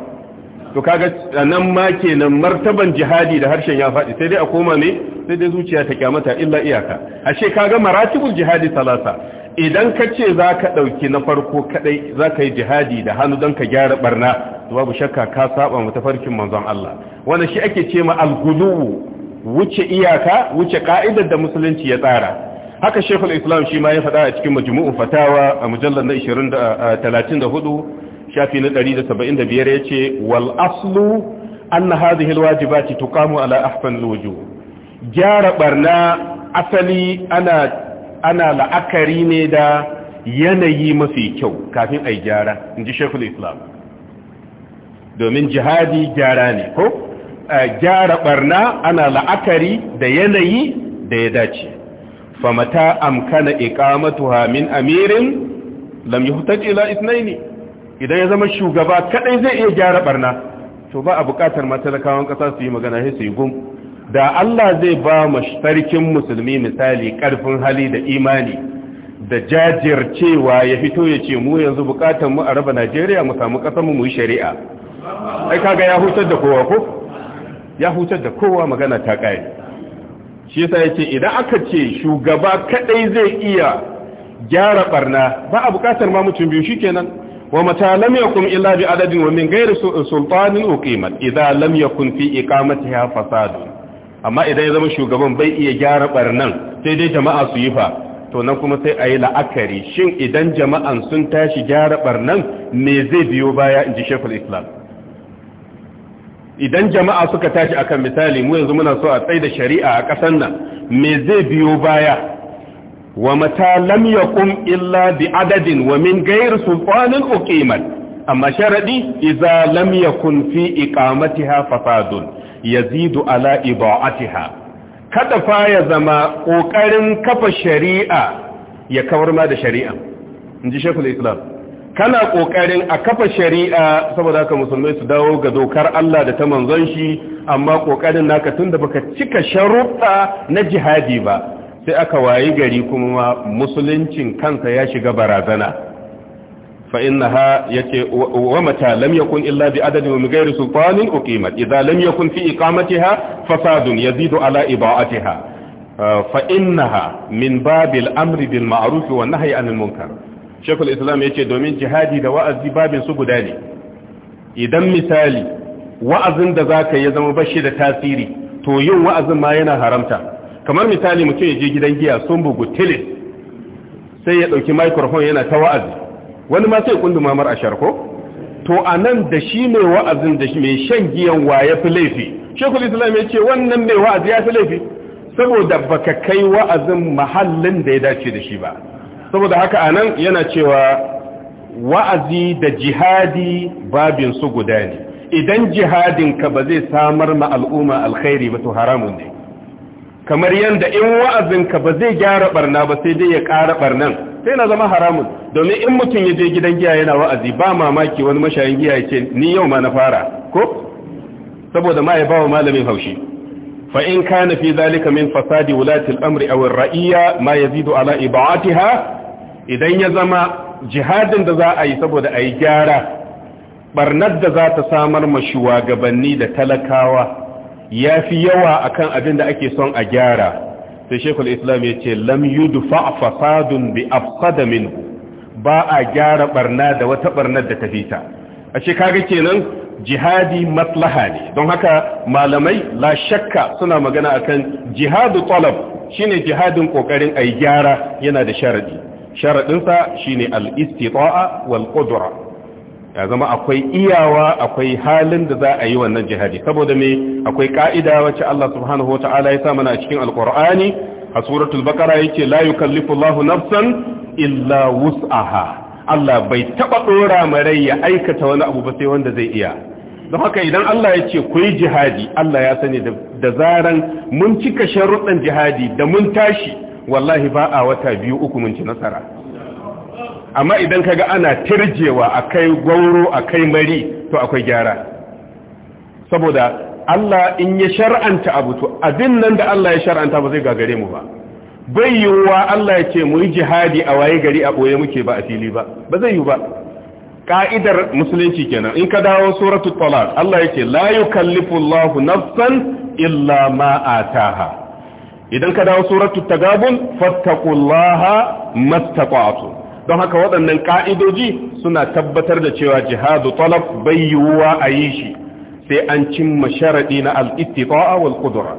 to kaga nan ma kenan martaban jihadi da harshen ya faɗi sai dai a koma ne sai dai zuciya ta kyamata illa iyaka ashe kaga maratibul jihadi salasa idan ka ce za ka ɗauki na farko kaɗai za ka yi jihadi da hannu don ka gyara barna babu shakka ka saba mu tafarkin manzon Allah wanda shi ake ce ma al-Gudu wuce iyaka wuce ka'idar da musulunci ya tsara haka shekul islam shi ma ya faɗa a cikin majmu'u fatawa a mujallar na 34 shafi na 175 ya ce wal aslu anna hadhihi alwajibati tuqamu ala ahsan alwujuh gyara barna asali ana ana la'akari ne da yanayi mafi kyau kafin a yi gyara in ji shekul islam domin jihadi gyara ne ko gyara barna ana la'akari da yanayi da ya dace famata amkana iqamatuha min amirin lam yuhtaj ila ithnaini idan ya zama shugaba kadai zai iya gyara barna to ba a bukatar matalakawan kasa su yi magana sai su yi gum da Allah zai ba mu sarkin musulmi misali karfin hali da imani da jajircewa ya fito ya ce mu yanzu bukatan mu a raba Najeriya mu samu kasar mu mu yi shari'a ai kaga ya hutar da kowa ko ya hutar da kowa magana ta kai shi yasa yace idan aka ce shugaba kadai zai iya gyara barna ba a bukatar ma mutum biyu shikenan wa mata lam yakum illa bi adadin wa min ghairi sultanin uqimat idza lam yakun fi iqamatiha fasadun amma idan ya zama shugaban bai iya gyara barnan sai dai jama'a su yi fa to nan kuma sai ayi la'akari shin idan jama'an sun tashi gyara barnan me zai biyo baya in ji shekul islam idan jama'a suka tashi akan misali mu yanzu muna so a tsaye da shari'a a ƙasar nan me zai biyo baya wa mata lam yaqum illa bi adadin wa min ghayr sultanin uqimat amma sharadi idza lam yakun fi iqamatiha fasadun yazidu ala idaatiha kada fa ya zama kokarin kafa shari'a ya kawar ma da shari'a inji shekul islam kana kokarin a kafa shari'a saboda haka musulmai su dawo ga dokar Allah da ta manzon shi amma kokarin naka tunda baka cika sharuɗa na jihadi ba sai aka wayi gari kuma musuluncin kansa ya shiga barazana fa innaha yace wa mata lam yakun illa bi adadin min ghairi sultanin uqimat idza lam yakun fi iqamatiha fasadun yazidu ala ibaatiha uh, fa min babil amri bil ma'arufi wa nahyi anil munkar shekul islam yace domin jihadi da wa'azi babin guda ne idan misali wa'azin da zaka ya zama bashi da tasiri to yin wa'azin ma yana haramta kamar misali mutum ya je gidan giya sun bugu tilis sai ya ɗauki microphone yana ta wa'azi wani ma sai kundu mamar ashar ko to a nan da shi ne wa'azin da shi mai shan giyan wa ya fi laifi shekul islam ya ce wannan mai wa'azi ya fi laifi saboda baka kai wa'azin mahallin da ya dace da shi ba saboda haka a nan yana cewa wa'azi da jihadi babin su guda ne idan jihadin ka ba zai samar ma al'umma alkhairi ba to haramun ne kamar yadda in wa'azin ka ba zai gyara barna ba sai dai ya ƙara barnan sai na zama haramun domin in mutum ya je gidan giya yana wa'azi ba mamaki wani mashayin giya ya ce ni yau ma na fara ko saboda ma ya ba wa malamin haushi fa in kana fi zalika min fasadi wulati al-amri aw ar-ra'iyya ma yazidu ala ibatiha idan ya zama jihadin da za a yi saboda a yi gyara barnar da za ta samar ma shugabanni da talakawa ya fi yawa akan abin da ake son a gyara sai shekul islam ya ce lam a fasadun bi afsada minhu ba a gyara barna da wata barnar da ta fita a ce kaga kenan jihadi maslaha ne don haka malamai la shakka suna magana akan jihadu talab shine jihadin kokarin yi gyara yana da sharaɗi sharaɗinsa shi shine al-istita'a wal ya zama akwai iyawa akwai halin da za a yi wannan jihadi saboda me akwai ka'ida wacce Allah subhanahu wa ta'ala ya sa mana a cikin alqur'ani a suratul baqara yake la yukallifu nafsan illa wus'aha Allah bai taba dora marai ya aikata wani abu ba sai wanda zai iya don haka idan Allah ya ce ku yi jihadi Allah ya sani da zaran mun cika sharuɗan jihadi da mun tashi wallahi ba a wata biyu uku mun ci nasara amma idan kaga ana tirjewa akai gwauro kai mari to akwai gyara saboda Allah in ya shar'anta abu to abin nan da Allah ya shar'anta ba zai gagare mu ba bai yiwuwa Allah ya ce mu yi jihadi a waye gari a boye muke ba a fili ba ba zai yiwu ba ka'idar musulunci kenan in ka dawo suratul talaq Allah ya ce la yukallifu Allahu nafsan illa ma ataha idan ka dawo suratul tagabun fattaqullaha mastata'tum don haka waɗannan ka'idoji suna tabbatar da cewa jihadu talab bai yiwuwa a yi shi sai an cimma sharaɗi na al'ittita'a wal qudra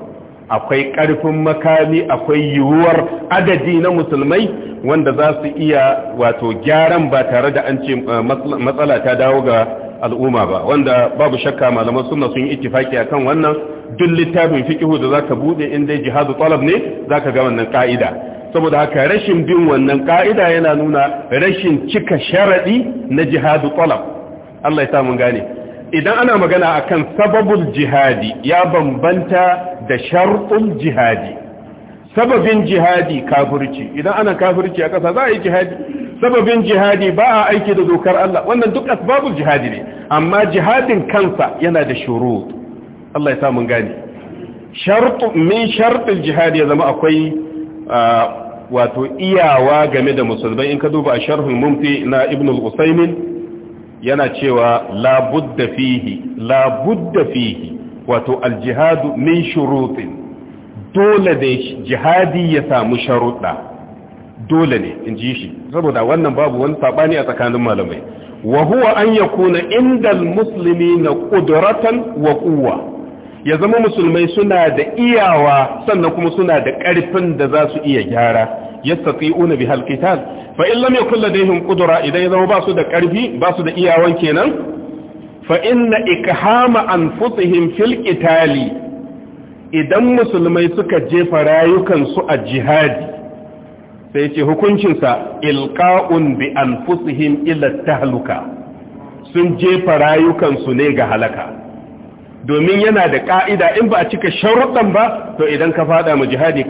akwai ƙarfin makami akwai yiwuwar adadi na musulmai wanda za su iya wato gyaran ba tare da an ce eh, matsala ta dawo ga al'umma ba wanda babu shakka malaman suna sun yi ittifaki akan wannan duk littafin fikihu da zaka buɗe in dai jihadu talab ne zaka ga wannan ka'ida saboda haka rashin bin wannan ka'ida yana nuna rashin cika sharaɗi na jihadu talab Allah ya mun gane idan ana magana a kan sababul jihadi ya bambanta da shartul jihadi sababin jihadi kafirci idan ana kafirci a ƙasa za a yi jihadi sababin jihadi ba a aiki da dokar Allah wannan duk asbabul jihadi ne amma jihadin kansa yana da shurut Allah ya mun gane shartu min shartul jihadi ya zama akwai wato iyawa game da musulmai in ka duba a sharhul mumti na ibn al-usaymin yana cewa la budda fihi la budda fihi wato al min shurutin dole ne jihadi ya samu sharuɗa dole ne in ji shi saboda wannan babu wani sabani a tsakanin malamai wa huwa an yakuna indal muslimina qudratan wa waƙuwa. ya zama musulmai suna da iyawa sannan kuma suna da ƙarfin da za su iya gyara una bi halqital fa in lam yakul ladayhim qudra idan ya zama ba su da ƙarfi ba su da iyawan kenan fa inna ikhama anfusihim fil qitali idan musulmai suka jefa rayukansu a jihadi sai ce hukuncinsa ilqa'un bi anfusihim ila tahluka sun jefa rayukansu ne ga halaka domin yana da ƙa'ida, in ba a cika sharuɗan ba to idan ka fada mu jihadi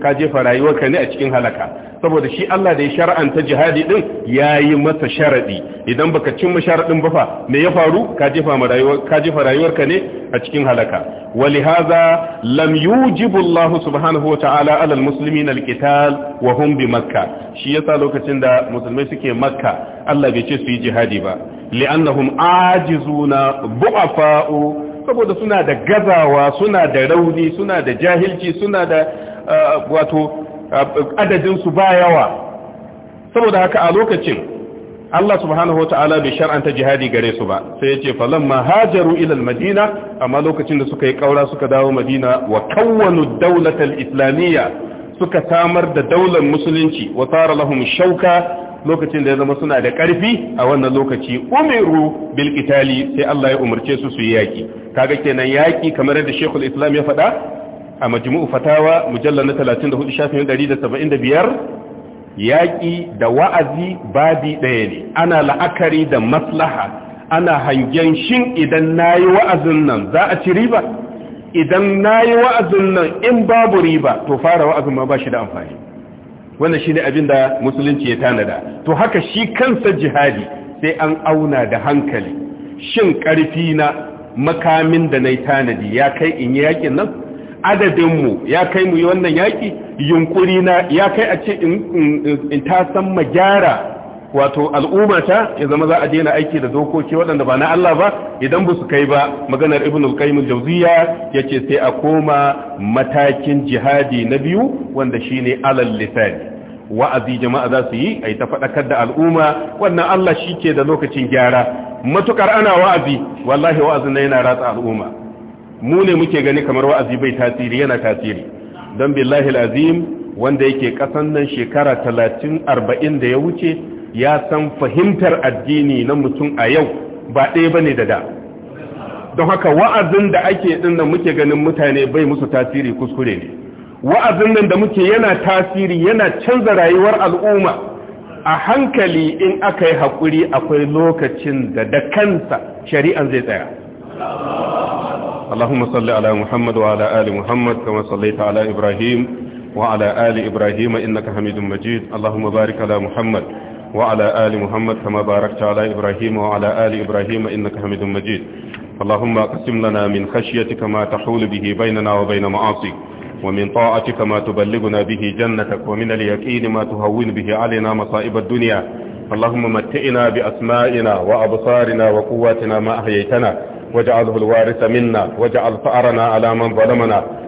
ka jefa rayuwarka ne a cikin halaka saboda shi Allah da ya shar'anta jihadi ya yayi masa sharaɗi, idan baka cin mu sharaɗin ba fa me ya faru ka jefa rayuwarka ne a cikin halaka walihaza lam yujibu Allah subhanahu wa ta'ala alal-musulmi na alqital wa hum bi shi yasa lokacin da musulmai suke makka Allah bai ce su yi jihadi ba li'annahum ajizuna bu'afa'u saboda suna da gazawa suna da rauni suna da jahilci suna da uh, wato uh, adadinsu ba yawa saboda haka a lokacin Allah subhanahu wa ta'ala bai shar'anta jihadi gare su ba sai ya ce falamma hajaru ila madina amma lokacin da suka yi kaura suka dawo madina wa kawwanu daulatal islamiyya suka samar da daular musulunci wa tara lahum shauka lokacin da ya zama suna da karfi a wannan lokaci umiru bil sai Allah ya umarce su su yi yaki kaga kenan yaƙi kamar yadda Sheikhul Islam ya faɗa a majmu'u fatawa mujallar na 34 shafin 175 yaki da wa'azi babi ɗaya ne ana la'akari da maslaha ana hangen shin idan yi wa'azin nan za a ci riba idan nayi wa'azin nan in babu riba to fara wa'azin ma ba shi da amfani wannan shi ne abin da musulunci ya tanada to haka shi kansa jihadi sai an auna da hankali shin karfi na makamin da na nayi tanadi ya kai in yi yakin nan adadin ya kai mu yi wannan yaki yunkuri na ya kai a ce in ta san magyara wato al'umma ta ya zama za a daina aiki da dokoki waɗanda ba na Allah ba idan ba su kai ba maganar ibn al-qayyim al-jawziya yace sai a koma matakin jihadi na biyu wanda shine alal lisani wa'azi jama'a za su yi ai ta faɗakar da al'umma wannan Allah shike da lokacin gyara matukar ana wa'azi wallahi wa'azin nan yana ratsa al'umma mu ne muke gani kamar wa'azi bai tasiri yana tasiri dan billahi al-azim wanda yake kasan nan shekara 30 40 da ya wuce ya san fahimtar addini na mutum a yau ba ɗaya ne da da don haka wa'azin da ake ɗin da muke ganin mutane bai musu tasiri kuskure ne wa'azin nan da muke yana tasiri yana canza rayuwar al'umma a hankali in aka yi haƙuri akwai lokacin da da kansa shari'an zai tsaya اللهم صل على محمد وعلى آل محمد كما صليت على إبراهيم وعلى آل إبراهيم إنك حميد majid اللهم بارك على muhammad. وعلى آل محمد كما باركت على إبراهيم وعلى آل إبراهيم إنك حميد مجيد اللهم اقسم لنا من خشيتك ما تحول به بيننا وبين معاصيك ومن طاعتك ما تبلغنا به جنتك ومن اليقين ما تهون به علينا مصائب الدنيا اللهم متئنا بأسمائنا وأبصارنا وقواتنا ما أحييتنا واجعله الوارث منا واجعل فأرنا على من ظلمنا